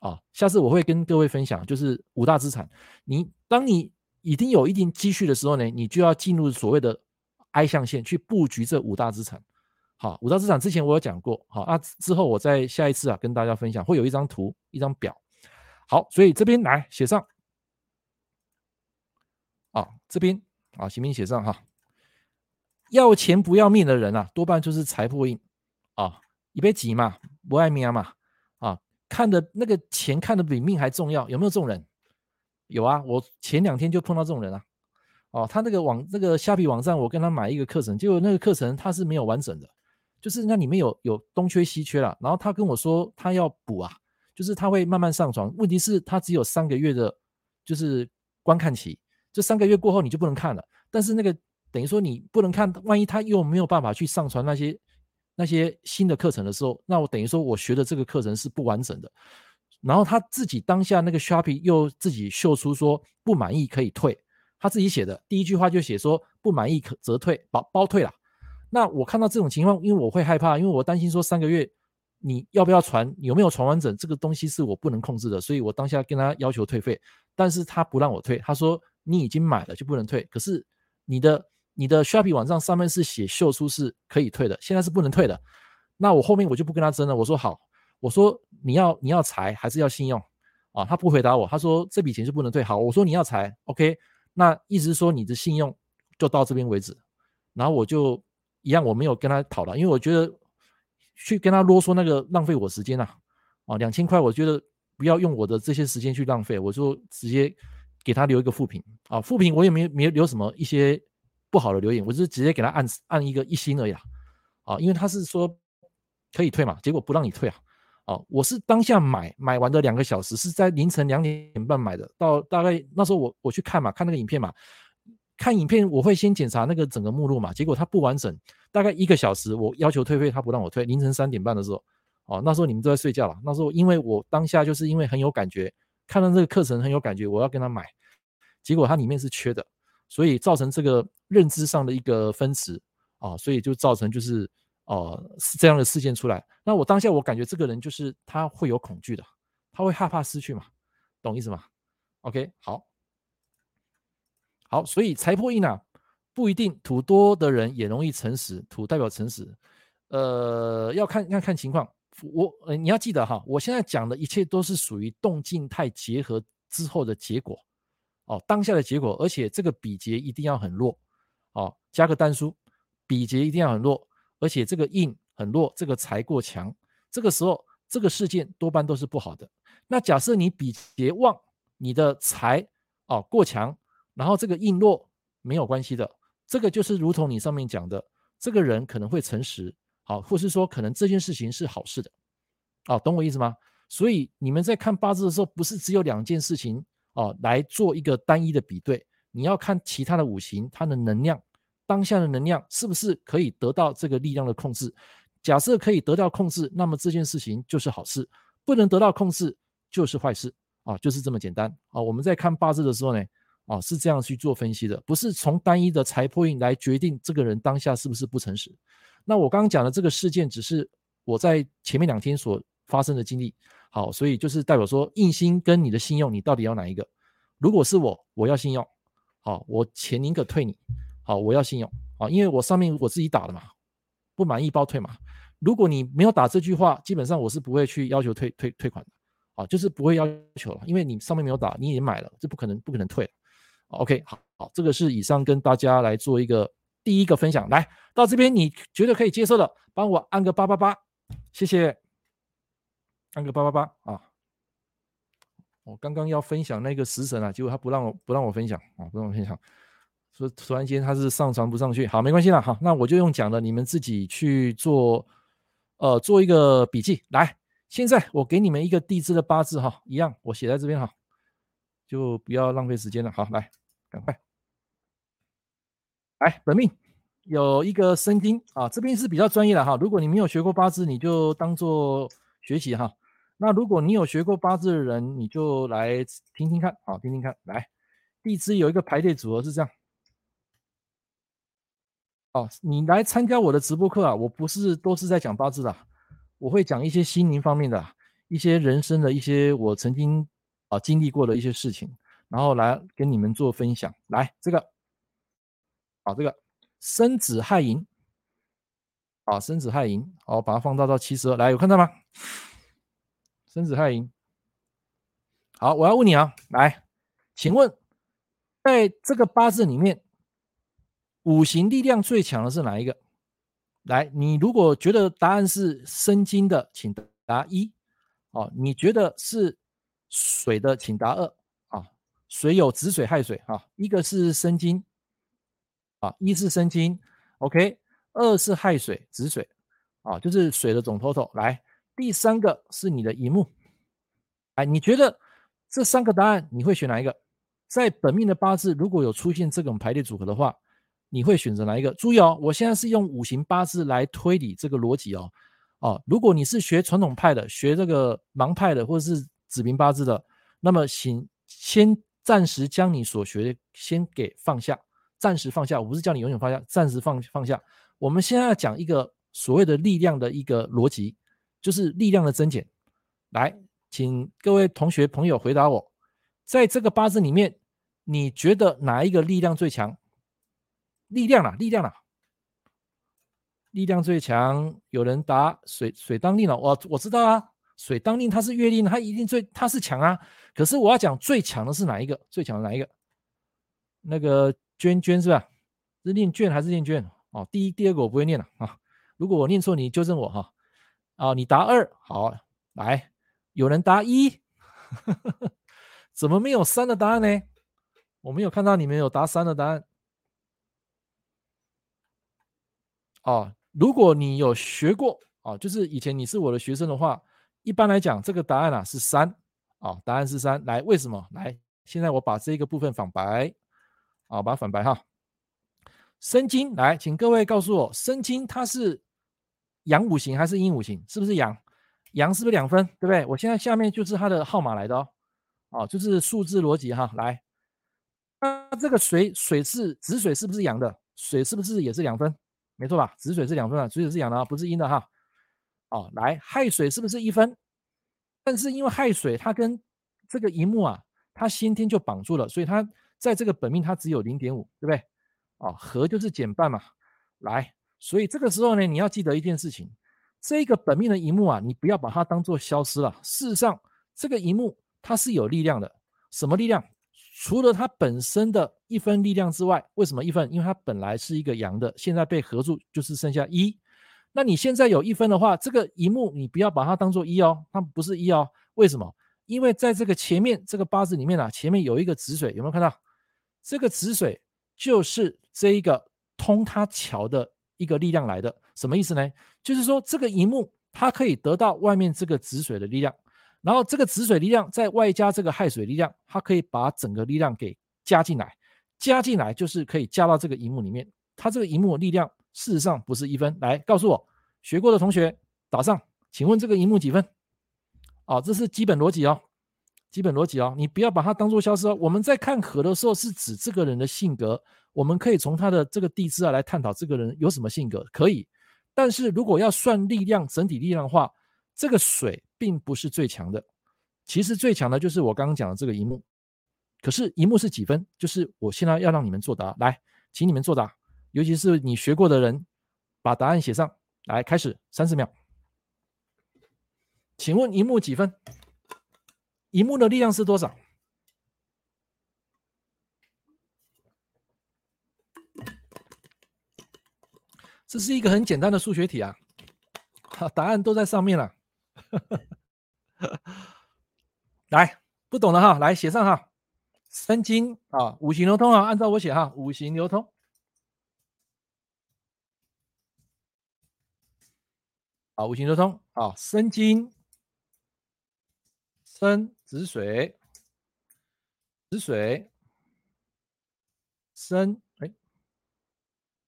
[SPEAKER 1] 哦，下次我會跟各位分享，就是五大資產。你當你已經有一定積蓄的時候呢，你就要進入所謂的 I 象限去布局這五大資產。好，五大資產之前我有講過，好那之後我再下一次啊跟大家分享，會有一張圖，一張表。好，所以這邊來寫上。啊，這邊啊，前面寫上哈、啊，要錢不要命的人啊，多半就是財破印，啊，你別急嘛，不愛命嘛啊，看的那個錢看得比命還重要，有沒有這種人？有啊，我前兩天就碰到這種人啊。哦、啊，他那個網那個蝦皮網站，我跟他買一個課程，結果那個課程他是沒有完整的，就是那裡面有有東缺西缺了，然後他跟我說他要補啊，就是他會慢慢上傳，問題是他只有三個月的，就是觀看期。這三個月過後你就不能看了，但是那個等於說你不能看，萬一他又沒有辦法去上傳那些那些新的課程的時候，那我等於說我學的這個課程是不完整的。然後他自己當下那個蝦皮又自己秀出說不滿意可以退，他自己寫的第一句話就寫說不滿意可則退，包包退了。那我看到這種情況，因為我會害怕，因為我擔心說三個月你要不要傳有沒有傳完整，這個東西是我不能控制的，所以我當下跟他要求退費，但是他不讓我退，他說。你已經買了就不能退，可是你的你的 Shopee 網站上面是寫售出是可以退的，現在是不能退的。那我後面我就不跟他爭了。我說好，我說你要你要財還是要信用啊？他不回答我，他說這筆錢就不能退。好，我說你要財，OK，那意思是說你的信用就到這邊為止。然後我就一樣我沒有跟他討了，因為我覺得去跟他囉嗦那個浪費我時間啊。啊。兩千塊我覺得不要用我的這些時間去浪費，我就直接。給他留一個負評啊，負評我也沒沒留什麼一些不好的留言，我就是直接給他按按一個一星而已啊，啊，因為他是說可以退嘛，結果不讓你退啊，啊，我是當下買買完的兩個小時，是在凌晨兩點半買的，到大概那時候我我去看嘛，看那個影片嘛，看影片我會先檢查那個整個目錄嘛，結果他不完整，大概一個小時我要求退費，他不讓我退，凌晨三點半的時候，啊，那時候你們都在睡覺了，那時候因為我當下就是因為很有感覺。看到這個課程很有感覺，我要跟他買，結果他裡面是缺的，所以造成這個認知上的一個分歧啊，所以就造成就是是、呃、這樣的事件出來。那我當下我感覺這個人就是他會有恐懼的，他會害怕失去嘛，懂意思嗎？OK，好，好，所以財破印啊，不一定土多的人也容易誠實，土代表誠實，呃，要看要看情況。我、呃，你要記得哈，我現在講的一切都是屬於動靜態結合之後的結果，哦，當下的結果，而且這個比劫一定要很弱，哦，加個但書，比劫一定要很弱，而且這個印很弱，這個財過強，這個時候這個事件多半都是不好的。那假設你比劫旺，你的財哦過強，然後這個印弱，沒有關係的，這個就是如同你上面講的，這個人可能會誠實。好，或是說可能這件事情是好事的，啊，懂我意思嗎？所以你們在看八字的時候，不是只有兩件事情哦、啊，來做一個單一的比對，你要看其他的五行它的能量，當下的能量是不是可以得到這個力量的控制？假設可以得到控制，那麼這件事情就是好事；不能得到控制，就是壞事啊，就是這麼簡單啊。我們在看八字的時候呢，啊，是這樣去做分析的，不是從單一的財破印來決定這個人當下是不是不誠實。那我剛剛講的這個事件，只是我在前面兩天所發生的經歷。好，所以就是代表說，印星跟你的信用，你到底要哪一個？如果是我，我要信用。好，我錢寧可退你。好，我要信用。好，因為我上面我自己打了嘛，不滿意包退嘛。如果你沒有打這句話，基本上我是不會去要求退退退款的。啊，就是不會要求了，因為你上面沒有打，你也買了，這不可能不可能退。OK，好，好，這個是以上跟大家來做一個。第一個分享來到這邊，你覺得可以接受的，幫我按個八八八，謝謝，按個八八八啊。我剛剛要分享那個食神啊，結果他不讓我不讓我分享啊，不讓我分享，說突然間他是上傳不上去，好，沒關係啦，好，那我就用講的，你們自己去做，呃，做一個筆記，來，現在我給你們一個地支的八字哈啊，一樣，我寫在這邊哈，就不要浪費時間了，好，來，趕快。來本命有一個生丁啊，這邊是比較專業的哈。如果你沒有學過八字，你就當做學習哈。那如果你有學過八字的人，你就來聽聽看，啊，聽聽看。來，地支有一個排列組合是這樣。哦、啊，你來參加我的直播課啊，我不是都是在講八字的，我會講一些心靈方面的一些人生的一些我曾經啊經歷過的一些事情，然後來跟你們做分享。來這個。好，這個生子亥寅，啊，生子亥寅，好，把它放大到七十二。來，有看到嗎？生子亥寅，好，我要問你啊，來，請問，在這個八字裡面，五行力量最強的是哪一個？來，你如果覺得答案是生金的，請答一。哦，你覺得是水的，請答二。啊，水有子水亥水，啊，一個是生金。啊，一是申金，OK，二是亥水子水，啊，就是水的總 total。來，第三個是你的乙木。哎，你覺得這三個答案你會選哪一個？在本命的八字如果有出現這種排列組合的話，你會選擇哪一個？注意哦，我現在是用五行八字來推理這個邏輯哦。哦、啊，如果你是學傳統派的、學這個盲派的或者是子平八字的，那麼請先暫時將你所學先給放下。暫時放下，我不是叫你永遠放下，暫時放放下。我們現在要講一個所謂的力量的一個邏輯，就是力量的增減。來，請各位同學朋友回答我，在這個八字裡面，你覺得哪一個力量最強？力量啊力量啊。力量最強。有人答水，水當令了啊。我我知道啊，水當令，它是月令，它一定最，它是強啊。可是我要講最強的是哪一個？最強的哪一個？那個。娟娟是吧？是念卷還是念娟？哦，第一、第二個我不會念了啊，啊。如果我念錯，你糾正我哈。啊，你答二。好，來，有人答一， 怎麼沒有三的答案呢？我沒有看到你們有答三的答案。哦、啊，如果你有學過哦、啊，就是以前你是我的學生的話，一般來講這個答案啊是三哦、啊，答案是三。來，為什麼？來，現在我把這個部分反白。好、哦，把它反白哈。申金來，請各位告訴我，申金它是陽五行還是陰五行？是不是陽？陽是不是兩分？對不對？我現在下面就是它的號碼來的哦。哦，就是數字邏輯哈。來，那這個水水是子水，是不是陽的？水是不是也是兩分？沒錯吧？子水是兩分，子水是陽的、哦，不是陰的哈。哦，來，亥水是不是一分？但是因為亥水它跟這個寅木啊，它先天就綁住了，所以它。在這個本命它只有零點五，對不對？啊、哦，合就是減半嘛。來，所以這個時候呢，你要記得一件事情：這個本命的乙木啊，你不要把它當做消失了。事實上，這個乙木它是有力量的。什麼力量？除了它本身的一分力量之外，為什麼一分？因為它本來是一個陽的，現在被合住就是剩下一。那你現在有一分的話，這個乙木你不要把它當做一哦，它不是一哦。為什麼？因為在這個前面這個八字裡面啊，前面有一個子水，有沒有看到？這個子水就是這一個通它橋的一個力量來的，什麼意思呢？就是說這個寅木它可以得到外面這個子水的力量，然後這個子水力量再外加這個亥水力量，它可以把整個力量給加進來，加進來就是可以加到這個寅木裡面。它這個寅木的力量事實上不是一分。來，告訴我學過的同學打上，請問這個寅木幾分？哦，這是基本邏輯哦。基本邏輯哦，你不要把它當做消失哦。我們在看河的時候，是指這個人的性格。我們可以從他的這個地支啊來探討這個人有什麼性格，可以。但是如果要算力量整體力量的話，這個水並不是最強的。其實最強的就是我剛剛講的這個寅木。可是寅木是幾分？就是我現在要讓你們作答，來，請你們作答。尤其是你學過的人，把答案寫上來。開始，三十秒。請問寅木幾分？乙木的力量是多少？這是一個很簡單的數學題啊！好，答案都在上面了、啊。來，不懂的哈，來寫上哈。生金啊，五行流通啊，按照我寫哈。五行流通，好，五行流通，好，生金，生。子水，子水，生哎，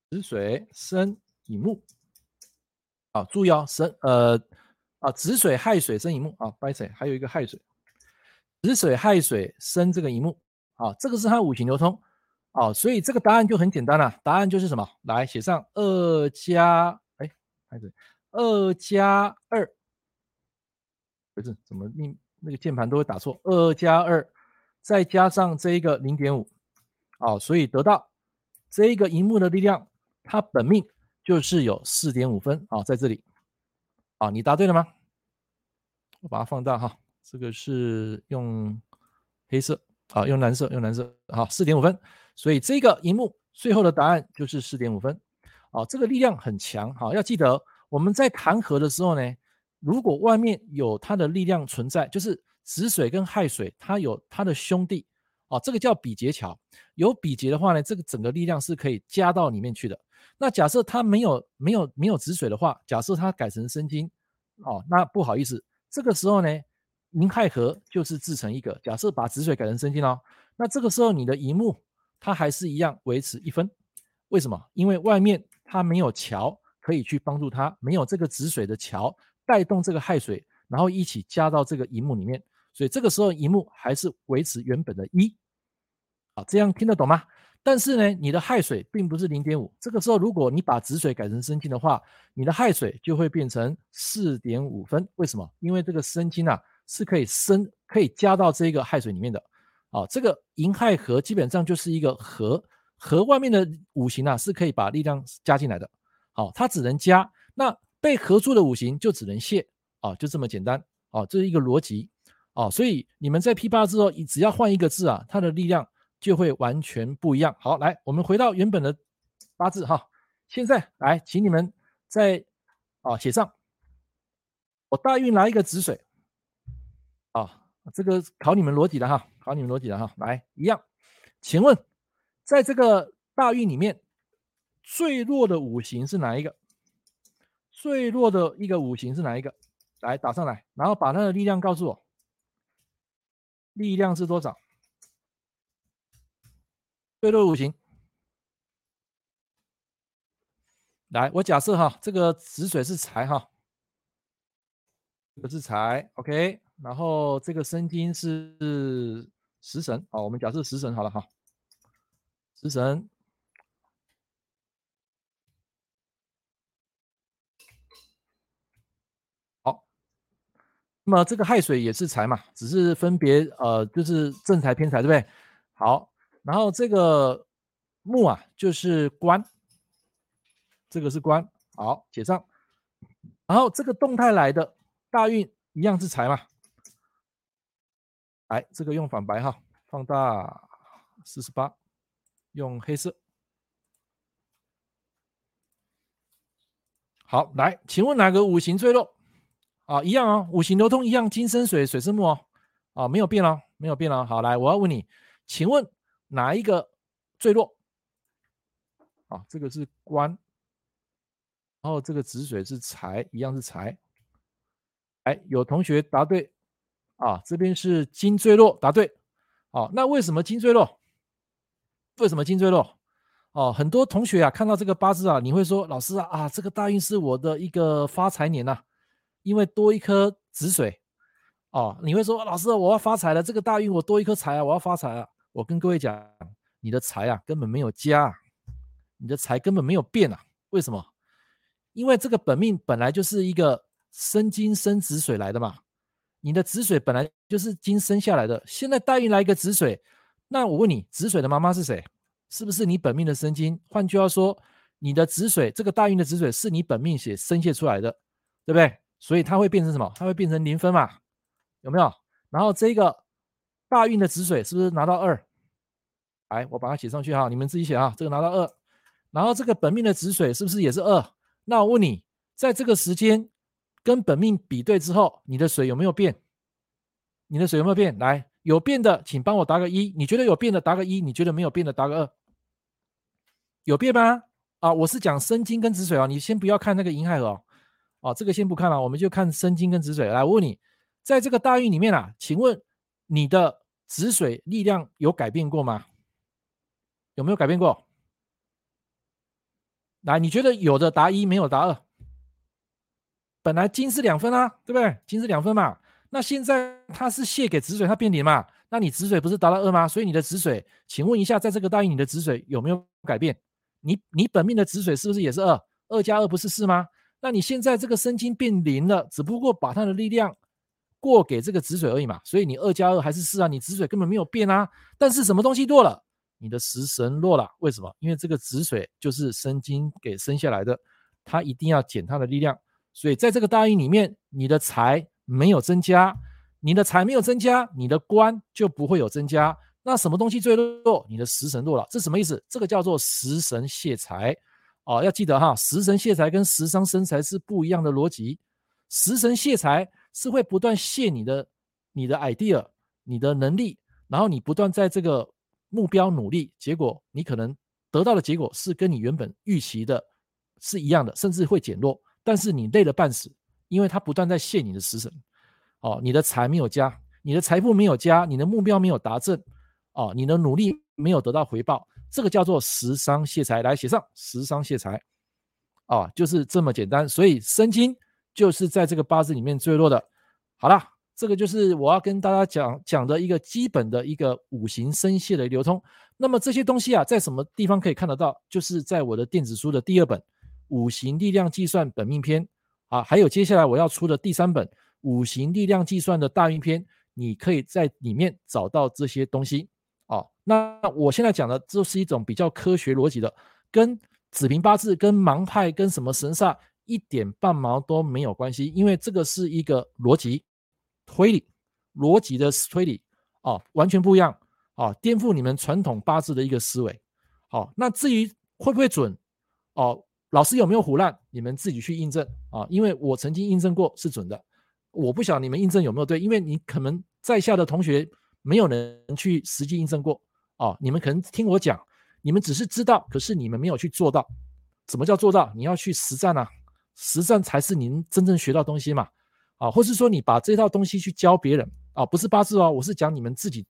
[SPEAKER 1] 子水生乙木，啊、哦、注意哦，生呃啊子水亥水生乙木啊，白、哦、色還有一個亥水，子水亥水生這個乙木，好、哦，這個是它五行流通，啊、哦，所以這個答案就很簡單了、啊，答案就是什麼？來寫上2加誒二加哎亥水二加二，不是怎麼命？那個鍵盤都會打錯，二加二，再加上這一個零點五，啊，所以得到這一個螢幕的力量，它本命就是有四點五分，啊、哦，在這裡，啊、哦，你答對了嗎？我把它放大哈，這個是用黑色，啊、哦，用藍色，用藍色，好、哦，四點五分，所以這個螢幕最後的答案就是四點五分，啊、哦，這個力量很強，好、哦，要記得我們在談合的時候呢。如果外面有它的力量存在，就是子水跟亥水，它有它的兄弟哦，這個叫比劫橋。有比劫的話呢，這個整個力量是可以加到裡面去的。那假設它沒有沒有沒有子水的話，假設它改成申金，哦，那不好意思，這個時候呢，寅亥合就是製成一個。假設把子水改成申金嘍、哦，那這個時候你的寅木它還是一樣維持一分。為什麼？因為外面它沒有橋可以去幫助它，沒有這個子水的橋。帶動這個亥水，然後一起加到這個寅木裡面，所以這個時候寅木還是維持原本的一，啊，這樣聽得懂嗎？但是呢，你的亥水並不是零點五，這個時候如果你把子水改成申金的話，你的亥水就會變成四點五分。為什麼？因為這個申金啊是可以生，可以加到這個亥水裡面的。啊，這個寅亥合基本上就是一個合，合外面的五行啊是可以把力量加進來的。好、啊，它只能加那。被合住的五行就只能泄啊，就這麼簡單啊，這是一個邏輯啊，所以你們在批八字哦，只要換一個字啊，它的力量就會完全不一樣。好，來，我們回到原本的八字哈，現在來，請你們在啊寫上我大運拿一個子水啊，這個考你們邏輯的哈，考你們邏輯的哈，來一樣，請問，在這個大運裡面最弱的五行是哪一個？最弱的一個五行是哪一個？來打上來，然後把它的力量告訴我，力量是多少？最弱五行，來，我假設哈，這個子水是財哈，這個是財，OK，然後這個申金是食神，好，我們假設食神好了哈，食神。那麼這個亥水也是財嘛，只是分別呃，就是正財偏財對不對？好，然後這個木啊，就是官，這個是官，好，寫上。然後這個動態來的，大運一樣是財嘛。來，這個用反白哈，放大四十八，用黑色。好，來，請問哪個五行最弱？啊，一樣啊、哦，五行流通一樣，金生水，水生木哦，啊，沒有變哦，沒有變哦。好，來，我要問你，請問哪一個最弱？啊，這個是官，然、哦、後這個子水是財，一樣是財。哎，有同學答對啊，這邊是金最弱，答對。哦、啊，那為什麼金最弱？為什麼金最弱？哦、啊，很多同學啊，看到這個八字啊，你會說老師啊，啊，這個大運是我的一個發財年吶、啊。因為多一顆子水，哦，你會說、哦、老師，我要發財了，這個大運我多一顆財啊，我要發財了、啊。我跟各位講，你的財啊，根本沒有加，你的財根本沒有變啊。為什麼？因為這個本命本來就是一個生金生子水來的嘛。你的子水本來就是金生下來的，現在大運來一個子水，那我問你，子水的媽媽是誰？是不是你本命的生金？換句話說，你的子水，這個大運的子水是你本命血生洩出來的，對不對？所以它會變成什麼？它會變成零分嘛？有沒有？然後這個大運的止水是不是拿到二？來，我把它寫上去哈，你們自己寫啊。這個拿到二，然後這個本命的止水是不是也是二？那我問你，在這個時間跟本命比對之後，你的水有沒有變？你的水有沒有變？來，有變的請幫我答個一，你覺得有變的答個一，你覺得沒有變的答個二。有變嗎？啊，我是講生金跟止水哦，你先不要看那個寅亥哦。哦，這個先不看了，啊，我們就看申金跟止水。來，我問你，在這個大運裡面啊，請問你的止水力量有改變過嗎？有沒有改變過？來，你覺得有的答一，沒有答二。本來金是兩分啊，對不對？金是兩分嘛。那現在它是泄給止水，它變零嘛。那你止水不是達到二嗎？所以你的止水，請問一下，在這個大運你的止水有沒有改變？你你本命的止水是不是也是二？二加二不是四嗎？那你現在這個生金變零了，只不過把它的力量過給這個子水而已嘛，所以你二加二還是四啊，你子水根本沒有變啊，但是什麼東西弱了？你的食神弱了，為什麼？因為這個子水就是生金給生下來的，它一定要減它的力量，所以在這個大運裡面，你的財沒有增加，你的財沒有增加，你的官就不會有增加。那什麼東西最弱？你的食神弱了，這什麼意思？這個叫做食神洩財。哦，要記得哈，食神泄財跟食傷生財是不一樣的邏輯。食神泄財是會不斷泄你的、你的 idea、你的能力，然後你不斷在這個目標努力，結果你可能得到的結果是跟你原本預期的是一樣的，甚至會減弱。但是你累得半死，因為他不斷在泄你的食神。哦，你的財沒有加，你的財富沒有加，你的目標沒有達成，哦，你的努力沒有得到回報。這個叫做食傷洩財，來寫上食傷洩財，啊，就是這麼簡單。所以身金就是在這個八字裡面墜落的。好啦，這個就是我要跟大家講講的一個基本的一個五行生泄的流通。那麼這些東西啊，在什麼地方可以看得到？就是在我的電子書的第二本《五行力量計算本命篇》啊，還有接下來我要出的第三本《五行力量計算的大運篇》，你可以在裡面找到這些東西。哦、啊，那我現在講的就是一種比較科學邏輯的，跟子平八字、跟盲派、跟什麼神煞一點半毛都沒有關係，因為這個是一個邏輯推理，邏輯的推理，哦、啊，完全不一樣，哦、啊，顛覆你們傳統八字的一個思維。哦、啊，那至於會不會準，哦、啊，老師有沒有唬爛，你們自己去印證啊，因為我曾經印證過是準的，我不曉得你們印證有沒有對，因為你可能在下的同學。沒有人去實際驗證過哦，啊，你們可能聽我講，你們只是知道，可是你們沒有去做到。什麼叫做到？你要去實戰啊！實戰才是您真正學到的東西嘛！啊，或是說你把這套東西去教別人啊，不是八字哦，我是講你們自己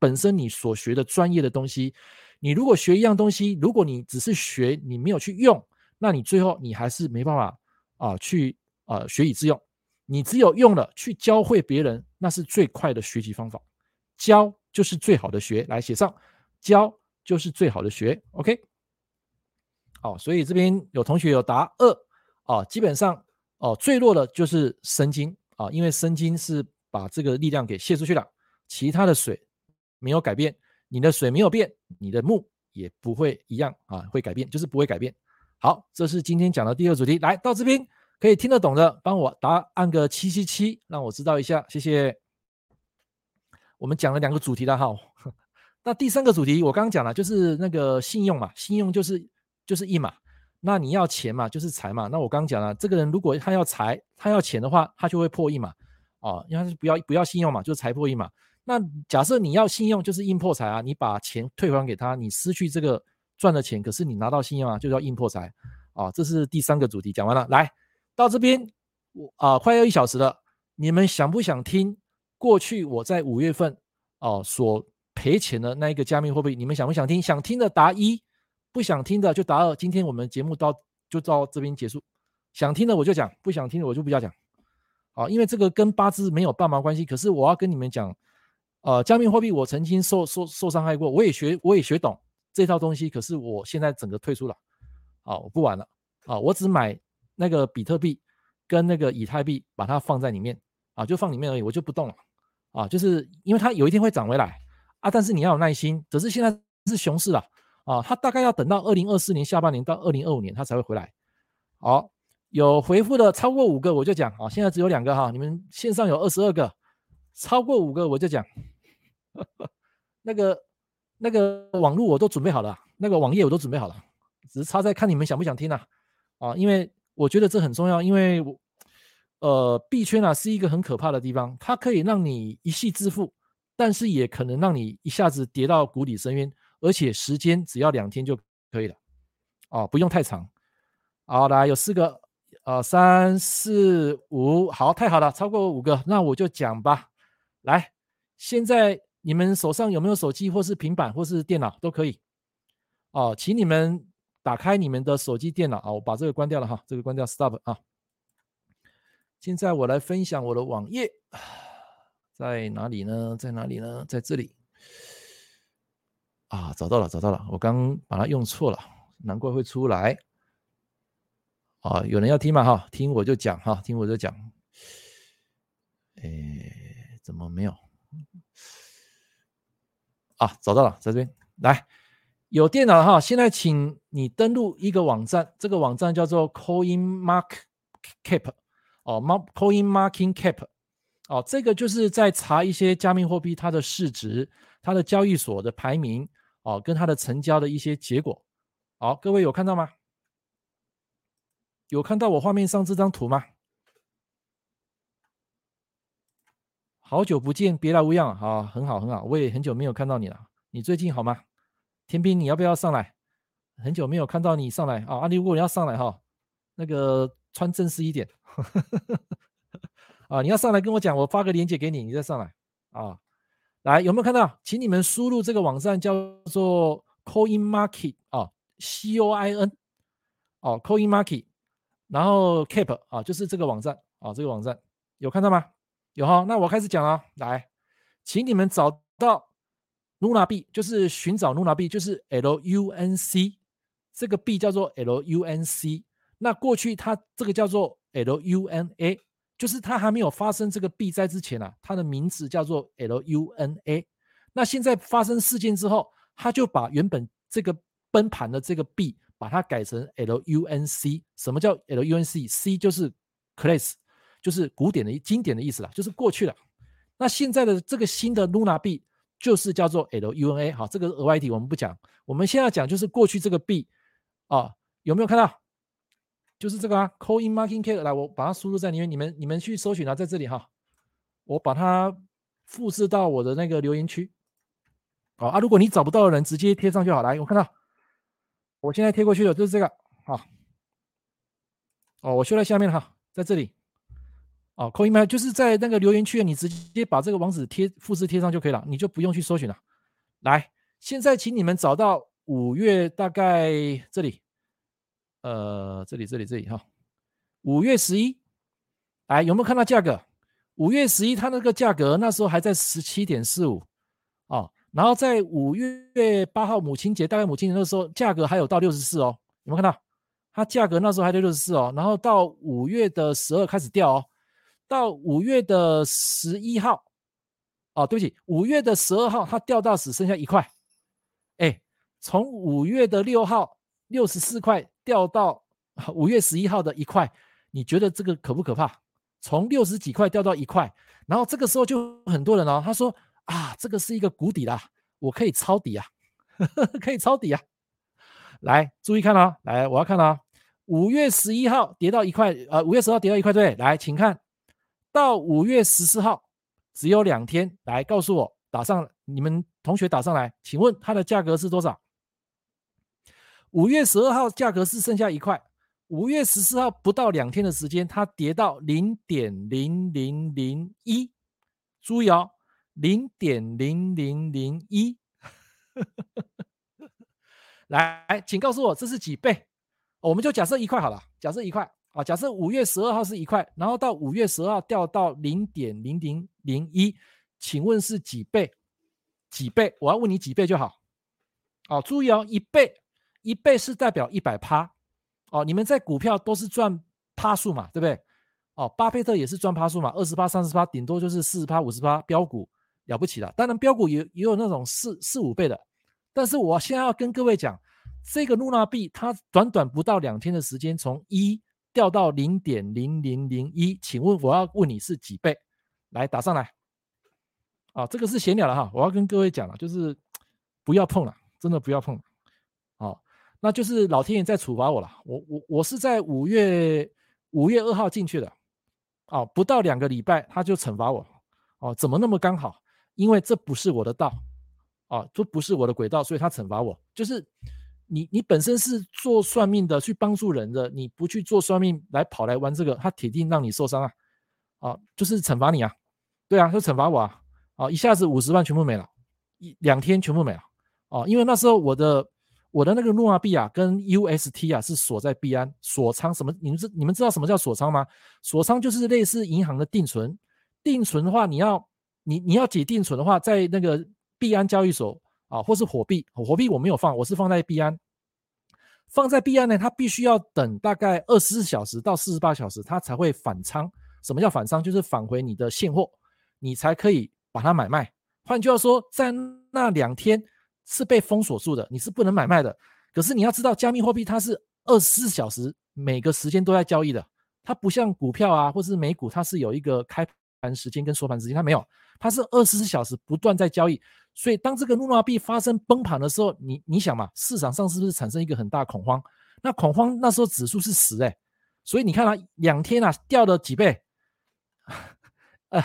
[SPEAKER 1] 本身你所學的專業的東西。你如果學一樣東西，如果你只是學，你沒有去用，那你最後你還是沒辦法啊，去啊學以致用。你只有用了去教會別人，那是最快的學習方法。教就是最好的學，來寫上，教就是最好的學，OK，好、啊，所以這邊有同學有答二啊，基本上哦、啊，最弱的就是神經啊，因為神經是把這個力量給洩出去了，其他的水沒有改變，你的水沒有變，你的木也不會一樣啊，會改變就是不會改變。好，這是今天講的第二個主題，來到這邊可以聽得懂的，幫我答按個七七七，讓我知道一下，謝謝。我們講了兩個主題的哈，那第三個主題我剛剛講了，就是那個信用嘛，信用就是就是印嘛，那你要錢嘛，就是財嘛，那我剛剛講了，這個人如果他要財，他要錢的話，他就會破印嘛，啊，因為他是不要不要信用嘛，就是財破印嘛。那假設你要信用，就是印破財啊，你把錢退還給他，你失去這個賺的錢，可是你拿到信用啊，就叫印破財啊，這是第三個主題講完了，來到這邊我啊、呃、快要一小時了，你們想不想聽？過去我在五月份啊、呃、所賠錢的那一個加密貨幣，你們想不想聽？想聽的答一，不想聽的就答二。今天我們節目到就到這邊結束。想聽的我就講，不想聽的我就不要講。啊、呃，因為這個跟八字沒有半毛關係。可是我要跟你們講，呃，加密貨幣我曾經受受受傷害過，我也學我也學懂這套東西，可是我現在整個退出了。啊、呃，我不玩了。啊、呃，我只買那個比特幣跟那個以太幣，把它放在裡面。啊，就放裡面而已，我就不動了，啊，就是因為它有一天會漲回來，啊，但是你要有耐心，只是現在是熊市了，啊，它大概要等到二零二四年下半年到二零二五年它才會回來，好，有回復的超過五個我就講，啊，現在只有兩個哈、啊，你們線上有二十二個，超過五個我就講，那個那個網絡我都準備好了，那個網頁我都準備好了，只是差在看你們想不想聽吶、啊，啊，因為我覺得這很重要，因為我。呃，幣圈啊是一個很可怕的地方，它可以讓你一夕致富，但是也可能讓你一下子跌到谷底深淵，而且時間只要兩天就可以了，哦，不用太長。好，來，有四個，呃，三四五，好，太好了，超過五個，那我就講吧。來，現在你們手上有沒有手機，或是平板，或是電腦，都可以。哦，請你們打開你們的手機、電腦啊，哦，我把這個關掉了哈，這個關掉，stop 啊。現在我來分享我的網頁，在哪裡呢？在哪裡呢？在這裡。啊，找到了，找到了。我剛把它用錯了，難怪會出來。啊，有人要聽嗎？哈，聽我就講，哈，聽我就講。哎，怎麼沒有？啊，找到了，在這邊。來，有電腦的哈，現在請你登錄一個網站，這個網站叫做 CoinMarkCap。哦，CoinMarketCap，哦，這個就是在查一些加密貨幣它的市值、它的交易所的排名，哦，跟它的成交的一些結果。好，哦，各位有看到嗎？有看到我畫面上這張圖嗎？好久不見，別來無恙，好，哦，很好，很好，我也很久沒有看到你了。你最近好嗎？天斌，你要不要上來？很久沒有看到你上來、哦、啊，阿里如果你要上來哈、哦，那個。穿正式一點， 啊！你要上來跟我講，我發個鏈接給你，你再上來啊！來，有沒有看到？請你們輸入這個網站叫做、啊、Coin Market 啊，C O I N 哦，Coin Market，然後 Cap 啊，就是這個網站啊，這個網站有看到嗎？有哈、哦，那我開始講了，來，請你們找到 Luna 幣，就是尋找 Luna 幣，就是 L U N C，這個幣叫做 L U N C。那過去它這個叫做 LUNA，就是它還沒有發生這個幣災之前啊，它的名字叫做 LUNA。那現在發生事件之後，它就把原本這個崩盤的這個幣把它改成 LUNC。什麼叫 LUNC？C 就是 class，就是古典的、經典的意思啦，就是過去了。那現在的這個新的 Luna 幣就是叫做 LUNA。好，這個額外題我們不講。我們現在講就是過去這個幣啊，有沒有看到？就是這個啊，coin marking k 來，我把它輸入在裡面，你們你們去搜尋啊，在這裡哈、啊，我把它複製到我的那個留言區。哦啊，如果你找不到的人，直接貼上就好。來，我看到，我現在貼過去了，就是這個啊。哦，我修在下面哈、啊，在這裡。哦，coin mark 就是在那個留言區，你直接把這個網址貼複製貼上就可以了，你就不用去搜尋了。來，現在請你們找到五月大概這裡。呃，這裡這裡這裡哈，五月十一來，有沒有看到價格？五月十一它那個價格那時候還在十七點四五哦，然後在五月八號母親節，大概母親節那時候價格還有到六十四哦，有沒有看到？它價格那時候還在六十四哦，然後到五月的十二開始掉哦，到五月的十一號，哦，對不起，五月的十二號它掉到只剩下一塊，哎，從五月的六號。六十四塊掉到五月十一號的一塊，你覺得這個可不可怕？從六十幾塊掉到一塊，然後這個時候就很多人哦，他說啊，這個是一個谷底啦，我可以抄底啊，可以抄底啊。來，注意看哦，來，我要看哦。五月十一號跌到一塊，呃，五月十號跌到一塊，對，來，請看到五月十四號，只有兩天，來告訴我，打上你們同學打上來，請問它的價格是多少？五月十二號價格是剩下一塊，五月十四號不到兩天的時間，它跌到零點零零零一，注意哦，零點零零零一，來，請告訴我這是幾倍？我們就假設一塊好了，假設一塊啊，假設五月十二號是一塊，然後到五月十二號掉到零點零零零一，請問是幾倍？幾倍？我要問你幾倍就好,好，哦，注意哦一倍。一倍是代表一百趴，哦，你們在股票都是賺趴數嘛，對不對？哦，巴菲特也是賺趴數嘛，二十趴、三十趴，頂多就是四十趴、五十趴。飆股了不起了，當然飆股也也有那種四四五倍的。但是我現在要跟各位講，這個 Luna 幣它短短不到兩天的時間，從一掉到零點零零零一，請問我要問你是幾倍？來打上來，啊，這個是閒聊的哈，我要跟各位講了，就是不要碰了，真的不要碰了，哦。那就是老天爺在處罰我了，我我我是在五月五月二號進去的，哦，不到兩個禮拜他就懲罰我，哦，怎麼那麼剛好？因為這不是我的道，哦，這不是我的軌道，所以他懲罰我。就是你你本身是做算命的，去幫助人的，你不去做算命來跑來玩這個，他鐵定讓你受傷啊，哦，就是懲罰你啊，對啊，就懲罰我啊，哦，一下子五十萬全部沒了，一兩天全部沒了，哦，因為那時候我的。我的那個 Luna 幣啊，跟 UST 啊是鎖在幣安鎖倉。什麼？你們知你們知道什麼叫鎖倉嗎？鎖倉就是類似銀行的定存。定存的話，你要你你要解定存的話，在那個幣安交易所啊，或是火幣火幣我沒有放，我是放在幣安。放在幣安呢，它必須要等大概二十四小時到四十八小時，它才會反倉。什麼叫反倉？就是返回你的現貨，你才可以把它買賣。換句話說，在那兩天。是被封鎖住的，你是不能買賣的。可是你要知道，加密貨幣它是二十四小時每個時間都在交易的，它不像股票啊或者是美股，它是有一個開盤時間跟收盤時間，它沒有，它是二十四小時不斷在交易。所以當這個 Luna 幣發生崩盤的時候，你你想嘛，市場上是不是產生一個很大恐慌？那恐慌那時候指數是十哎，所以你看啊，兩天啊掉了幾倍？呃，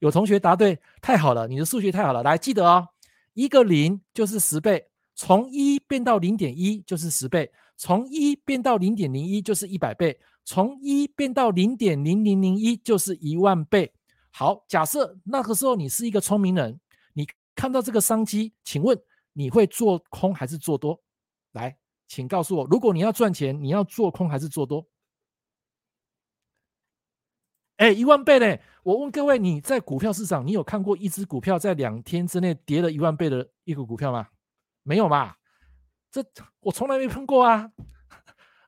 [SPEAKER 1] 有同學答對，太好了，你的數學太好了，來記得哦。一個零就是十倍，從一變到零點一就是十倍，從一變到零點零一就是一百倍，從一變到零點零零零一就是一萬倍。好，假設那個時候你是一個聰明人，你看到這個商機，請問你會做空還是做多？來，請告訴我，如果你要賺錢，你要做空還是做多？哎，一萬倍呢？我問各位，你在股票市場，你有看過一隻股票在兩天之內跌了一萬倍的一股股票嗎？沒有嘛？這我從來沒碰過啊！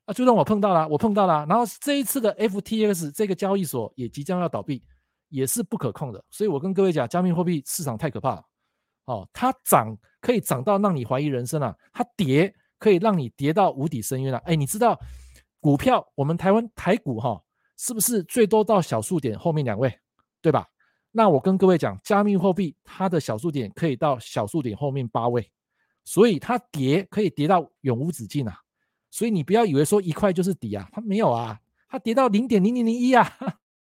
[SPEAKER 1] 啊，就算我碰到了，我碰到了。然後這一次的 FTX 這個交易所也即將要倒閉，也是不可控的。所以我跟各位講，加密貨幣市場太可怕了。哦，它漲可以漲到讓你懷疑人生啊，它跌可以讓你跌到無底深淵啊。哎，你知道股票，我們台灣台股哈？是不是最多到小數點後面兩位，對吧？那我跟各位講，加密貨幣它的小數點可以到小數點後面八位，所以它跌可以跌到永無止境啊！所以你不要以為說一塊就是底啊，它沒有啊，它跌到零點零零零一啊！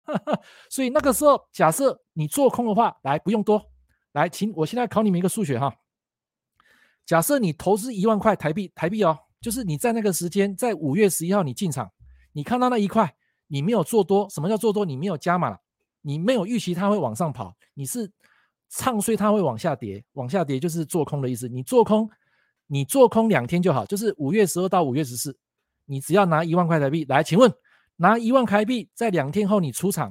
[SPEAKER 1] 所以那個時候，假設你做空的話，來不用多，來，請我現在考你們一個數學哈。假設你投資一萬塊台幣，台幣哦，就是你在那個時間，在五月十一號你進場，你看到那一塊。你沒有做多，什麼叫做多？你沒有加碼，你沒有預期它會往上跑，你是唱衰它會往下跌，往下跌就是做空的意思。你做空，你做空兩天就好，就是五月十二到五月十四，你只要拿一萬塊台幣來，請問拿一萬台幣在兩天後你出場，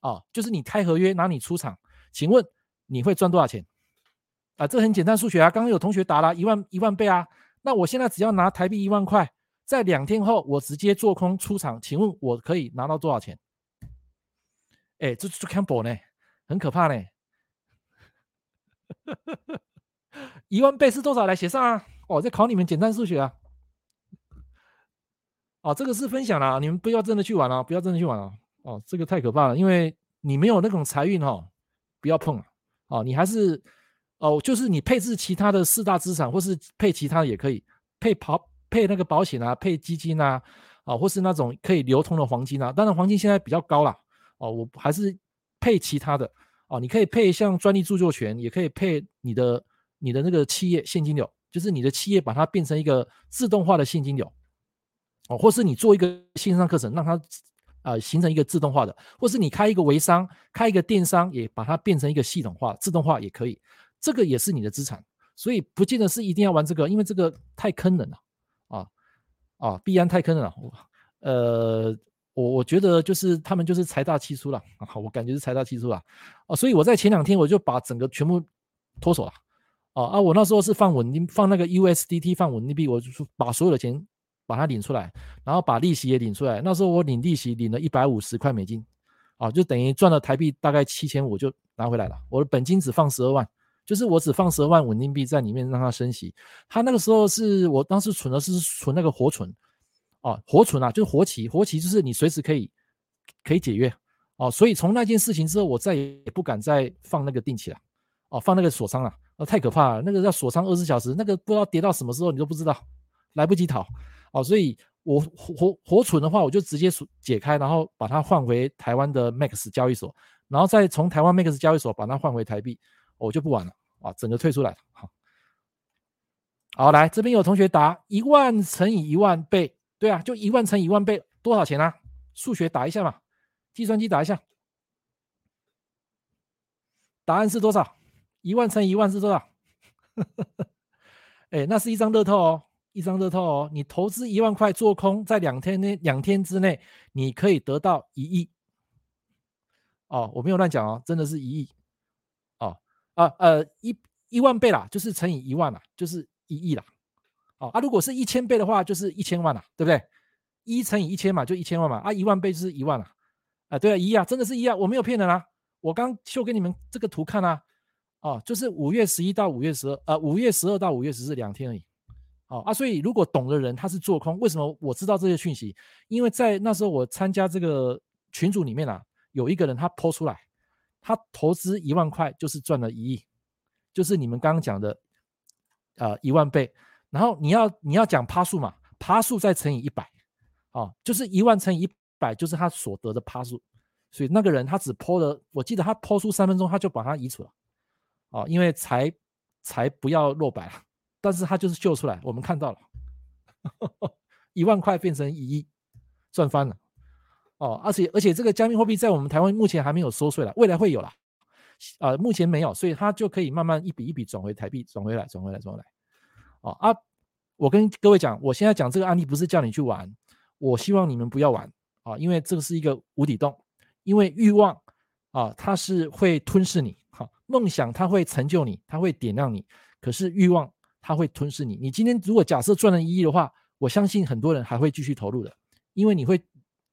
[SPEAKER 1] 啊、哦，就是你開合約拿你出場，請問你會賺多少錢？啊，這很簡單數學啊，剛剛有同學答了，一萬一萬倍啊，那我現在只要拿台幣一萬塊。在兩天後，我直接做空出場，請問我可以拿到多少錢？哎，這是看搏呢，很可怕呢、欸，一萬倍是多少來寫上啊、哦？我在考你們簡單數學啊！哦，這個是分享啦、啊。你們不要真的去玩了、啊，不要真的去玩了、啊。哦，這個太可怕了，因為你沒有那種財運哈，不要碰啊！哦，你還是哦，就是你配置其他的四大資產，或是配其他的也可以配跑。配那個保險啊，配基金啊，啊、呃，或是那種可以流通的黃金啊。當然，黃金現在比較高了哦、呃。我還是配其他的哦、呃。你可以配像專利著作權，也可以配你的你的那個企業現金流，就是你的企業把它變成一個自動化的現金流哦、呃，或是你做一個線上課程，讓它呃形成一個自動化的，或是你開一個微商，開一個電商，也把它變成一個系統化、自動化也可以。這個也是你的資產，所以不見得是一定要玩這個，因為這個太坑人了。啊，幣安太坑了，我，呃，我我覺得就是他們就是財大氣粗了，啊，我感覺是財大氣粗了，啊，所以我在前兩天我就把整個全部脫手了，啊，啊，我那時候是放穩定，放那個 USDT 放穩定幣，我就把所有的錢把它領出來，然後把利息也領出來，那時候我領利息領了一百五十塊美金，啊，就等於賺了台幣大概七千五就拿回來了，我的本金只放十二萬。就是我只放十二萬穩定幣在裡面讓它升息，它那個時候是我當時存的是存那個活存，啊活存啊就是活期活期，就是你隨時可以可以解約，啊，哦所以從那件事情之後我再也不敢再放那個定期了，哦放那個鎖倉了，啊太可怕了，那個要鎖倉二十四小時，那個不知道跌到什麼時候你都不知道，來不及逃，哦所以我活活存的話我就直接解開，然後把它換回台灣的 MAX 交易所，然後再從台灣 MAX 交易所把它換回台幣，我就不玩了。啊，整個退出來了，好，好，來這邊有同學答一萬乘以一萬倍，對啊，就一萬乘以一萬倍，多少錢啊？數學答一下嘛，計算機答一下，答案是多少？一萬乘一萬是多少？ 哎，那是一張樂透哦，一張樂透哦，你投資一萬塊做空，在兩天內兩天之內，你可以得到一億。哦，我沒有亂講哦，真的是一億。呃呃，一一萬倍啦，就是乘以一萬啦、啊，就是一億啦。哦，啊如果是一千倍的話，就是一千萬啦、啊，對不對？一乘以一千嘛，就一千萬嘛。啊，一萬倍就是一萬啦、啊。啊，對啊，一億啊，真的是一億啊，我沒有騙人啊。我剛秀給你們這個圖看啊。哦，就是五月十一到五月十二，呃，五月十二到五月十四兩天而已。哦，啊，所以如果懂的人他是做空，為什麼我知道這些訊息？因為在那時候我參加這個群組裡面啊，有一個人他拋出來。他投資一萬塊就是賺了一億，就是你們剛剛講的，呃，一萬倍。然後你要你要講趴數嘛，趴數再乘以一百，啊，就是一萬乘以一百，就是他所得的趴數。所以那個人他只拋了，我記得他拋出三分鐘他就把它移除了，啊、哦，因為才才不要落白了，但是他就是秀出來，我們看到了，一萬塊變成一億，賺翻了。哦，而且而且這個加密貨幣在我們台灣目前還沒有收稅了，未來會有了，啊、呃，目前沒有，所以它就可以慢慢一筆一筆轉回台幣，轉回來，轉回來，轉回來。哦啊，我跟各位講，我現在講這個案例不是叫你去玩，我希望你們不要玩啊，因為這個是一個無底洞，因為慾望啊，它是會吞噬你。哈、啊，夢想它會成就你，它會點亮你，可是慾望它會吞噬你。你今天如果假設賺了一億的話，我相信很多人還會繼續投入的，因為你會。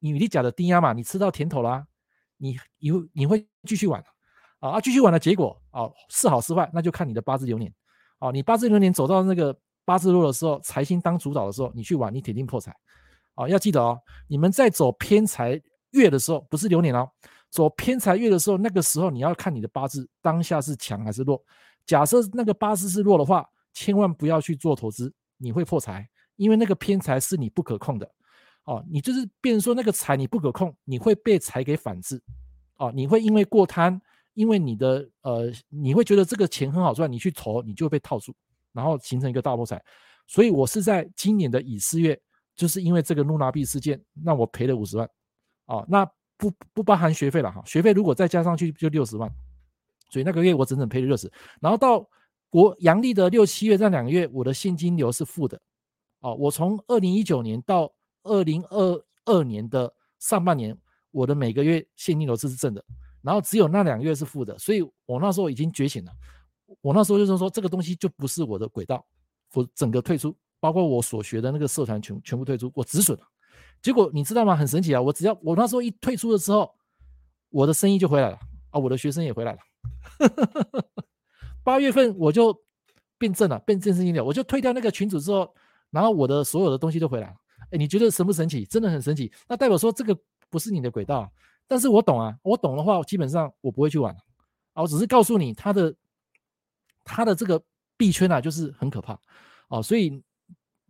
[SPEAKER 1] 你你假的低壓嘛？你吃到甜頭啦、啊，你會你會繼續玩、啊，啊啊繼續玩的結果啊是好是壞，那就看你的八字流年，啊你八字流年走到那個八字弱的時候，財星當主導的時候，你去玩，你鐵定破財，啊要記得哦，你們在走偏財月的時候，不是流年哦，走偏財月的時候，那個時候你要看你的八字當下是強還是弱，假設那個八字是弱的話，千萬不要去做投資，你會破財，因為那個偏財是你不可控的。哦、啊，你就是變成說那個財你不可控，你會被財給反制，哦，你會因為過貪，因為你的呃，你會覺得這個錢很好賺，你去投你就會被套住，然後形成一個大漏財。所以，我是在今年的乙巳月，就是因為這個露娜幣事件，那我賠了五十萬，哦，那不不包含學費了哈、啊，學費如果再加上去就六十萬，所以那個月我整整賠了六十。然後到國陽曆的六七月這兩個月，我的現金流是負的，哦，我從二零一九年到。二零二二年的上半年，我的每個月現金流是正的，然後只有那兩個月是負的，所以我那時候已經覺醒了。我那時候就是說，這個東西就不是我的軌道，我整個退出，包括我所學的那個社團全全部退出，我止損了。結果你知道嗎？很神奇啊！我只要我那時候一退出了之後，我的生意就回來了啊，我的學生也回來了。 八月份我就變正了，變正現金流，我就退掉那個群組之後，然後我的所有的東西都回來了。哎，你覺得神不神奇？真的很神奇。那代表說這個不是你的軌道，但是我懂啊，我懂的話，我基本上我不會去玩。啊，我只是告訴你，他的他的這個幣圈啊，就是很可怕。哦、啊，所以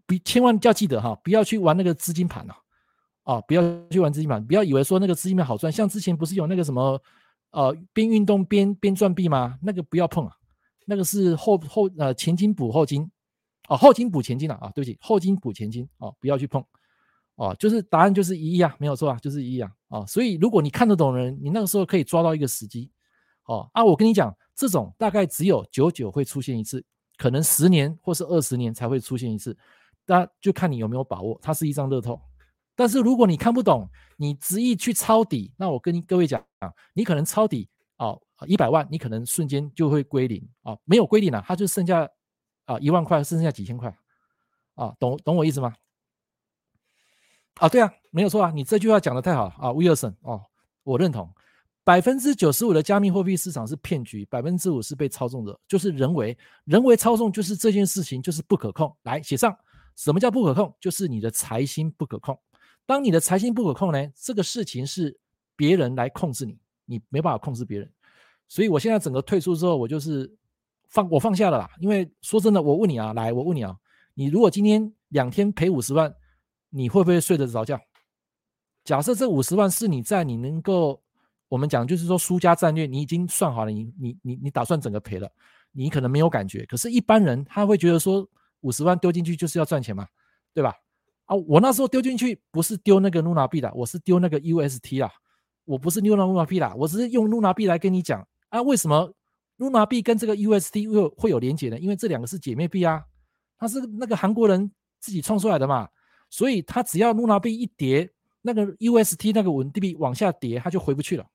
[SPEAKER 1] 比千萬要記得哈，不要去玩那個資金盤吶、啊。哦、啊，不要去玩資金盤，不要以為說那個資金盤好賺。像之前不是有那個什麼呃，邊運動邊邊賺幣嗎？那個不要碰啊，那個是後後呃前金補後金。哦、啊，後金補前金了啊，啊，對不起，後金補前金哦、啊，不要去碰，哦、啊，就是答案就是一億啊，沒有錯啊，就是一億啊，啊，所以如果你看得懂的人，你那個時候可以抓到一個時機，哦、啊，啊，我跟你講，這種大概只有久久會出現一次，可能十年或是二十年才會出現一次，那就看你有沒有把握，它是一張樂透，但是如果你看不懂，你執意去抄底，那我跟各位講，啊、你可能抄底哦，一、啊、百萬你可能瞬間就會歸零哦、啊，沒有歸零了、啊，它就剩下。啊，一萬塊，剩下幾千塊，啊，懂懂我意思嗎？啊，對啊，沒有錯啊，你這句話講得太好了啊，Wilson 哦、啊，我認同，百分之九十五的加密貨幣市場是騙局，百分之五是被操縱的，就是人為，人為操縱就是這件事情就是不可控。來寫上，什麼叫不可控？就是你的財星不可控。當你的財星不可控呢，這個事情是別人來控制你，你沒辦法控制別人。所以我現在整個退出之後，我就是。放我放下了啦，因為說真的，我問你啊，來，我問你啊，你如果今天兩天賠五十萬，你會不會睡得着覺？假設這五十萬是你在你能夠，我們講就是說輸家戰略，你已經算好了，你你你你打算整個賠了，你可能沒有感覺。可是，一般人他會覺得說五十萬丟進去就是要賺錢嘛，對吧？啊，我那時候丟進去不是丟那個 Luna 幣啦，我是丟那個 UST 啦，我不是 Luna 幣啦，我只是用 Luna 幣來跟你講啊，為什麼？露娜幣跟這個 UST 會會有連結的，因為這兩個是姐妹幣啊，它是那個韓國人自己創出來的嘛，所以它只要露娜幣一跌，那個 UST 那個穩定幣往下跌，它就回不去了。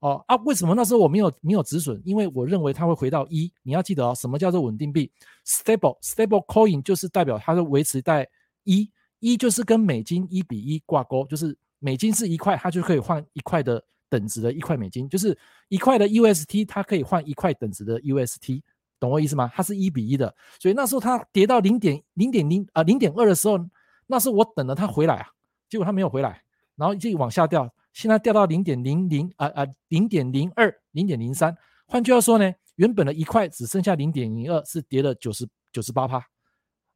[SPEAKER 1] 哦啊，為什麼那時候我沒有沒有止損？因為我認為它會回到一。你要記得哦，什麼叫做穩定幣？stable stable coin 就是代表它是維持在一，一就是跟美金一比一掛鈎，就是美金是一塊，它就可以換一塊的。等值的一塊美金，就是一塊的 UST，它可以換一塊等值的 UST，懂我意思嗎？它是一比一的，所以那時候它跌到0.0、0.0啊、0.2呃的時候，那時候我等了它回來啊，結果它沒有回來，然後就往下掉，現在掉到0.0呃呃0.0啊啊、0.02、0.03。換句話說呢，原本的一塊只剩下0.02，是跌了90、98%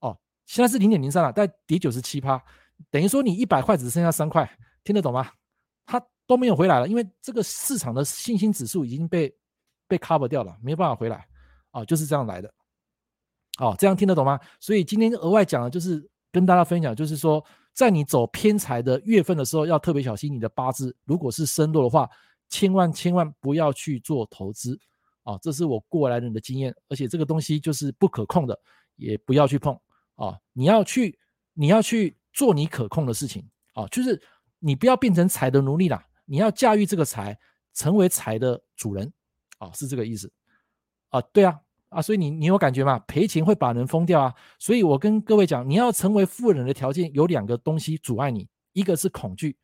[SPEAKER 1] 哦，現在是0.03了，再跌97%，等於說你一百塊只剩下三塊，聽得懂嗎？它。都沒有回來了，因為這個市場的信心指數已經被被 cover 掉了，沒有辦法回來啊，就是這樣來的哦，啊，這樣聽得懂嗎？所以今天額外講的就是跟大家分享，就是說在你走偏財的月份的時候，要特別小心你的八字，如果是身弱的話，千萬千萬不要去做投資啊，這是我過來人的經驗，而且這個東西就是不可控的，也不要去碰啊，你要去你要去做你可控的事情啊，就是你不要變成財的奴隸啦。你要駕馭這個財，成為財的主人，啊、哦，是這個意思，啊，對啊，啊，所以你你有感覺嗎？賠錢會把人瘋掉啊！所以我跟各位講，你要成為富人的條件有兩個東西阻礙你，一個是恐懼，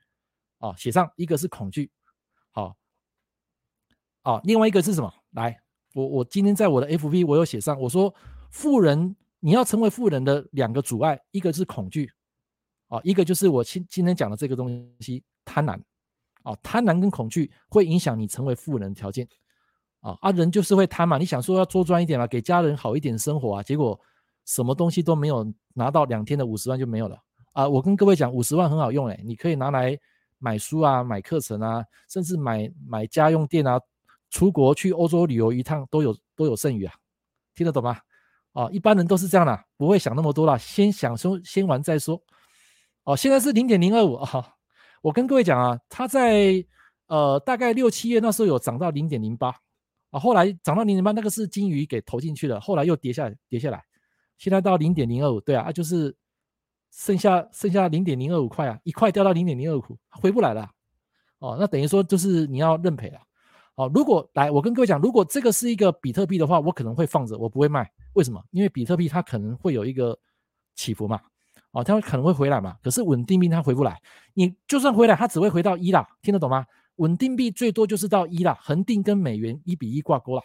[SPEAKER 1] 啊，寫上；一個是恐懼，好、啊，啊，另外一個是什麼？來，我我今天在我的 FV 我有寫上，我說富人你要成為富人的兩個阻礙，一個是恐懼，啊，一個就是我今今天講的這個東西貪婪。哦，貪婪跟恐懼會影響你成為富人的條件。啊啊，人就是會貪嘛，你想說要多賺一點嘛、啊，給家人好一點生活啊，結果什麼東西都沒有拿到，兩天的五十萬就沒有了啊！我跟各位講，五十萬很好用誒、欸，你可以拿來買書啊，買課程啊，甚至買買家用電啊，出國去歐洲旅遊一趟都有都有剩餘啊，聽得懂嗎？哦，一般人都是這樣啦、啊，不會想那麼多啦，先想說先玩再說。哦，現在是零點零二五。我跟各位講啊，它在呃大概六七月那時候有漲到零點零八，後來漲到零點八，那個是金魚給投進去了，後來又跌下來跌下來，現在到零點零二五，對啊，啊，就是剩下剩下零點零二五塊啊，一塊掉到零點零二五，回不來了，哦，那等於說就是你要認賠了。哦。如果來，我跟各位講，如果這個是一個比特幣的話，我可能會放着，我不會賣，為什麼？因為比特幣它可能會有一個起伏嘛。哦，它會可能會回來嘛？可是穩定幣它回不來，你就算回來，它只會回到一啦，聽得懂嗎？穩定幣最多就是到一啦，恆定跟美元一比一掛鈎啦，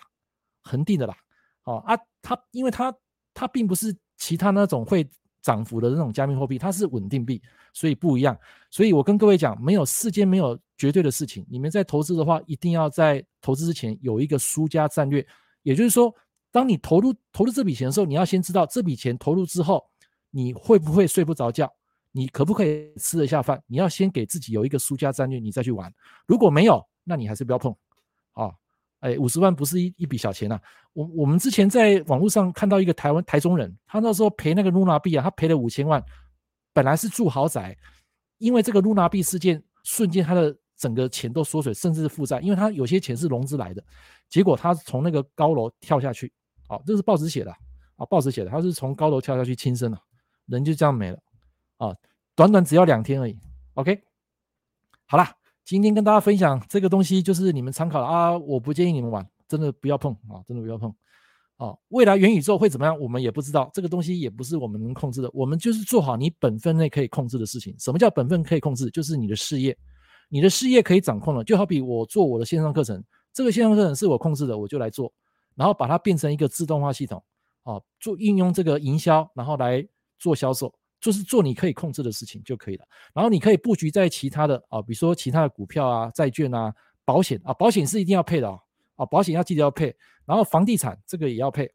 [SPEAKER 1] 恆定的啦。哦啊，它因為它它並不是其他那種會漲幅的那種加密貨幣，它是穩定幣，所以不一樣。所以我跟各位講，沒有世間沒有絕對的事情，你們在投資的話，一定要在投資之前有一個輸家戰略，也就是說，當你投入投入這筆錢的時候，你要先知道這筆錢投入之後。你會不會睡不着覺？你可不可以吃得下飯？你要先給自己有一個輸家戰略，你再去玩。如果沒有，那你還是不要碰。啊、哦，哎，五十萬不是一一筆小錢吶、啊。我我們之前在網絡上看到一個台灣台中人，他那時候賠那個露娜幣啊，他賠了五千萬，本來是住豪宅，因為這個露娜幣事件，瞬間他的整個錢都縮水，甚至是負債，因為他有些錢是融資來的。結果他從那個高樓跳下去，哦，這是報紙寫的啊、哦，報紙寫的，他是從高樓跳下去輕生了。人就這樣沒了啊！短短只要兩天而已。OK，好啦，今天跟大家分享這個東西，就是你們參考的啊！我不建議你們玩，真的不要碰啊！真的不要碰啊！未來元宇宙會怎麼樣，我們也不知道，這個東西也不是我們能控制的。我們就是做好你本分內可以控制的事情。什麼叫本分可以控制？就是你的事業，你的事業可以掌控了。就好比我做我的線上課程，這個線上課程是我控制的，我就來做，然後把它變成一個自動化系統啊，做運用這個營銷，然後來。做銷售就是做你可以控制的事情就可以了，然後你可以布局在其他的啊，比如說其他的股票啊、債券啊、保險啊，保險是一定要配的啊，啊，保險要記得要配，然後房地產這個也要配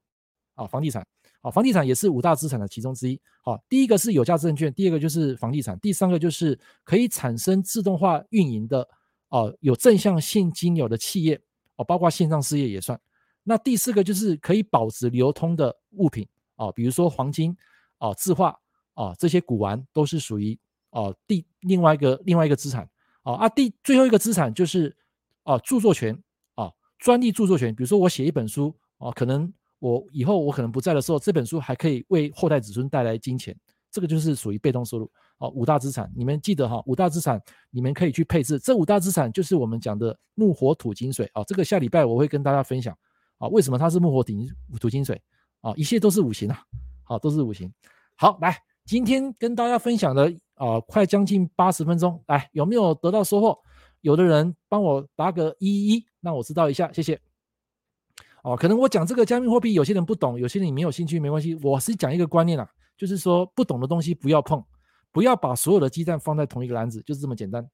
[SPEAKER 1] 啊，房地產啊，房地產也是五大資產的其中之一。啊。第一個是有價證券，第二個就是房地產，第三個就是可以產生自動化運營的啊，有正向現金流的企業啊，包括線上事業也算。那第四個就是可以保值流通的物品啊，比如說黃金。啊、哦，字畫啊、哦，這些古玩都是屬於啊第另外一個另外一個資產、哦、啊啊第最後一個資產就是啊、哦、著作權啊專、哦、利著作權，比如說我寫一本書啊、哦，可能我以後我可能不在的時候，這本書還可以為後代子孫帶來金錢，這個就是屬於被動收入啊、哦。五大資產，你們記得哈、哦，五大資產你們可以去配置，這五大資產就是我們講的木火土金水啊、哦。這個下禮拜我會跟大家分享啊、哦，為什麼它是木火土金水啊、哦，一切都是五行啊。好，都是五行。好，來，今天跟大家分享的啊、呃，快將近八十分鐘，來，有沒有得到收穫？有的人幫我打個一一，讓我知道一下，謝謝。哦，可能我講這個加密貨幣，有些人不懂，有些人你沒有興趣，沒關係。我是講一個觀念啦、啊，就是說不懂的東西不要碰，不要把所有的雞蛋放在同一個籃子，就是這麼簡單。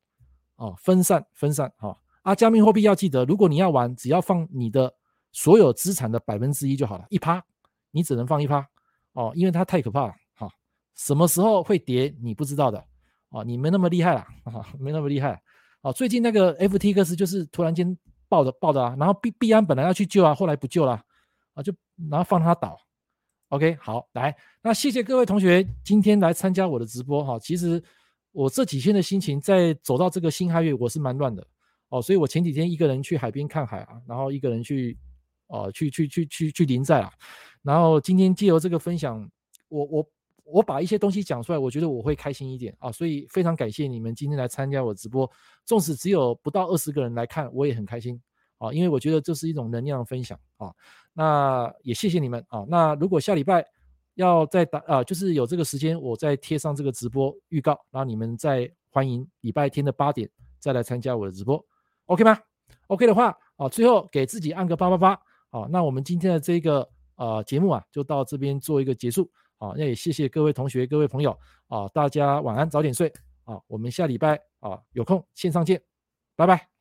[SPEAKER 1] 哦，分散，分散，好。啊，加密貨幣要記得，如果你要玩，只要放你的所有資產的百分之一就好了，一趴，你只能放一趴。哦，因為它太可怕了哈，什麼時候會跌你不知道的哦，你沒那麼厲害啦，沒那麼厲害哦，最近那個 FTX 就是突然間爆的爆的啊，然後幣幣安本來要去救啊，後來不救了啊，就然後放他倒。OK，好，來，那謝謝各位同學今天來參加我的直播哈。其實我這幾天的心情在走到這個新海域我是蠻亂的哦，所以我前幾天一個人去海邊看海啊，然後一個人去哦，去去去去去臨寨啊。然後今天借由這個分享，我我我把一些東西講出來，我覺得我會開心一點啊，所以非常感謝你們今天來參加我的直播，縱使只有不到二十個人來看，我也很開心啊，因為我覺得這是一種能量分享啊。那也謝謝你們啊。那如果下禮拜要再打啊，就是有這個時間，我再貼上這個直播預告，然後你們再歡迎禮拜天的八點再來參加我的直播，OK 嗎？OK 的話啊，最後給自己按個八八八啊。那我們今天的這個。啊、呃，節目啊，就到這邊做一個結束啊，那也謝謝各位同學、各位朋友啊，大家晚安，早點睡啊，我們下禮拜啊有空線上見，拜拜。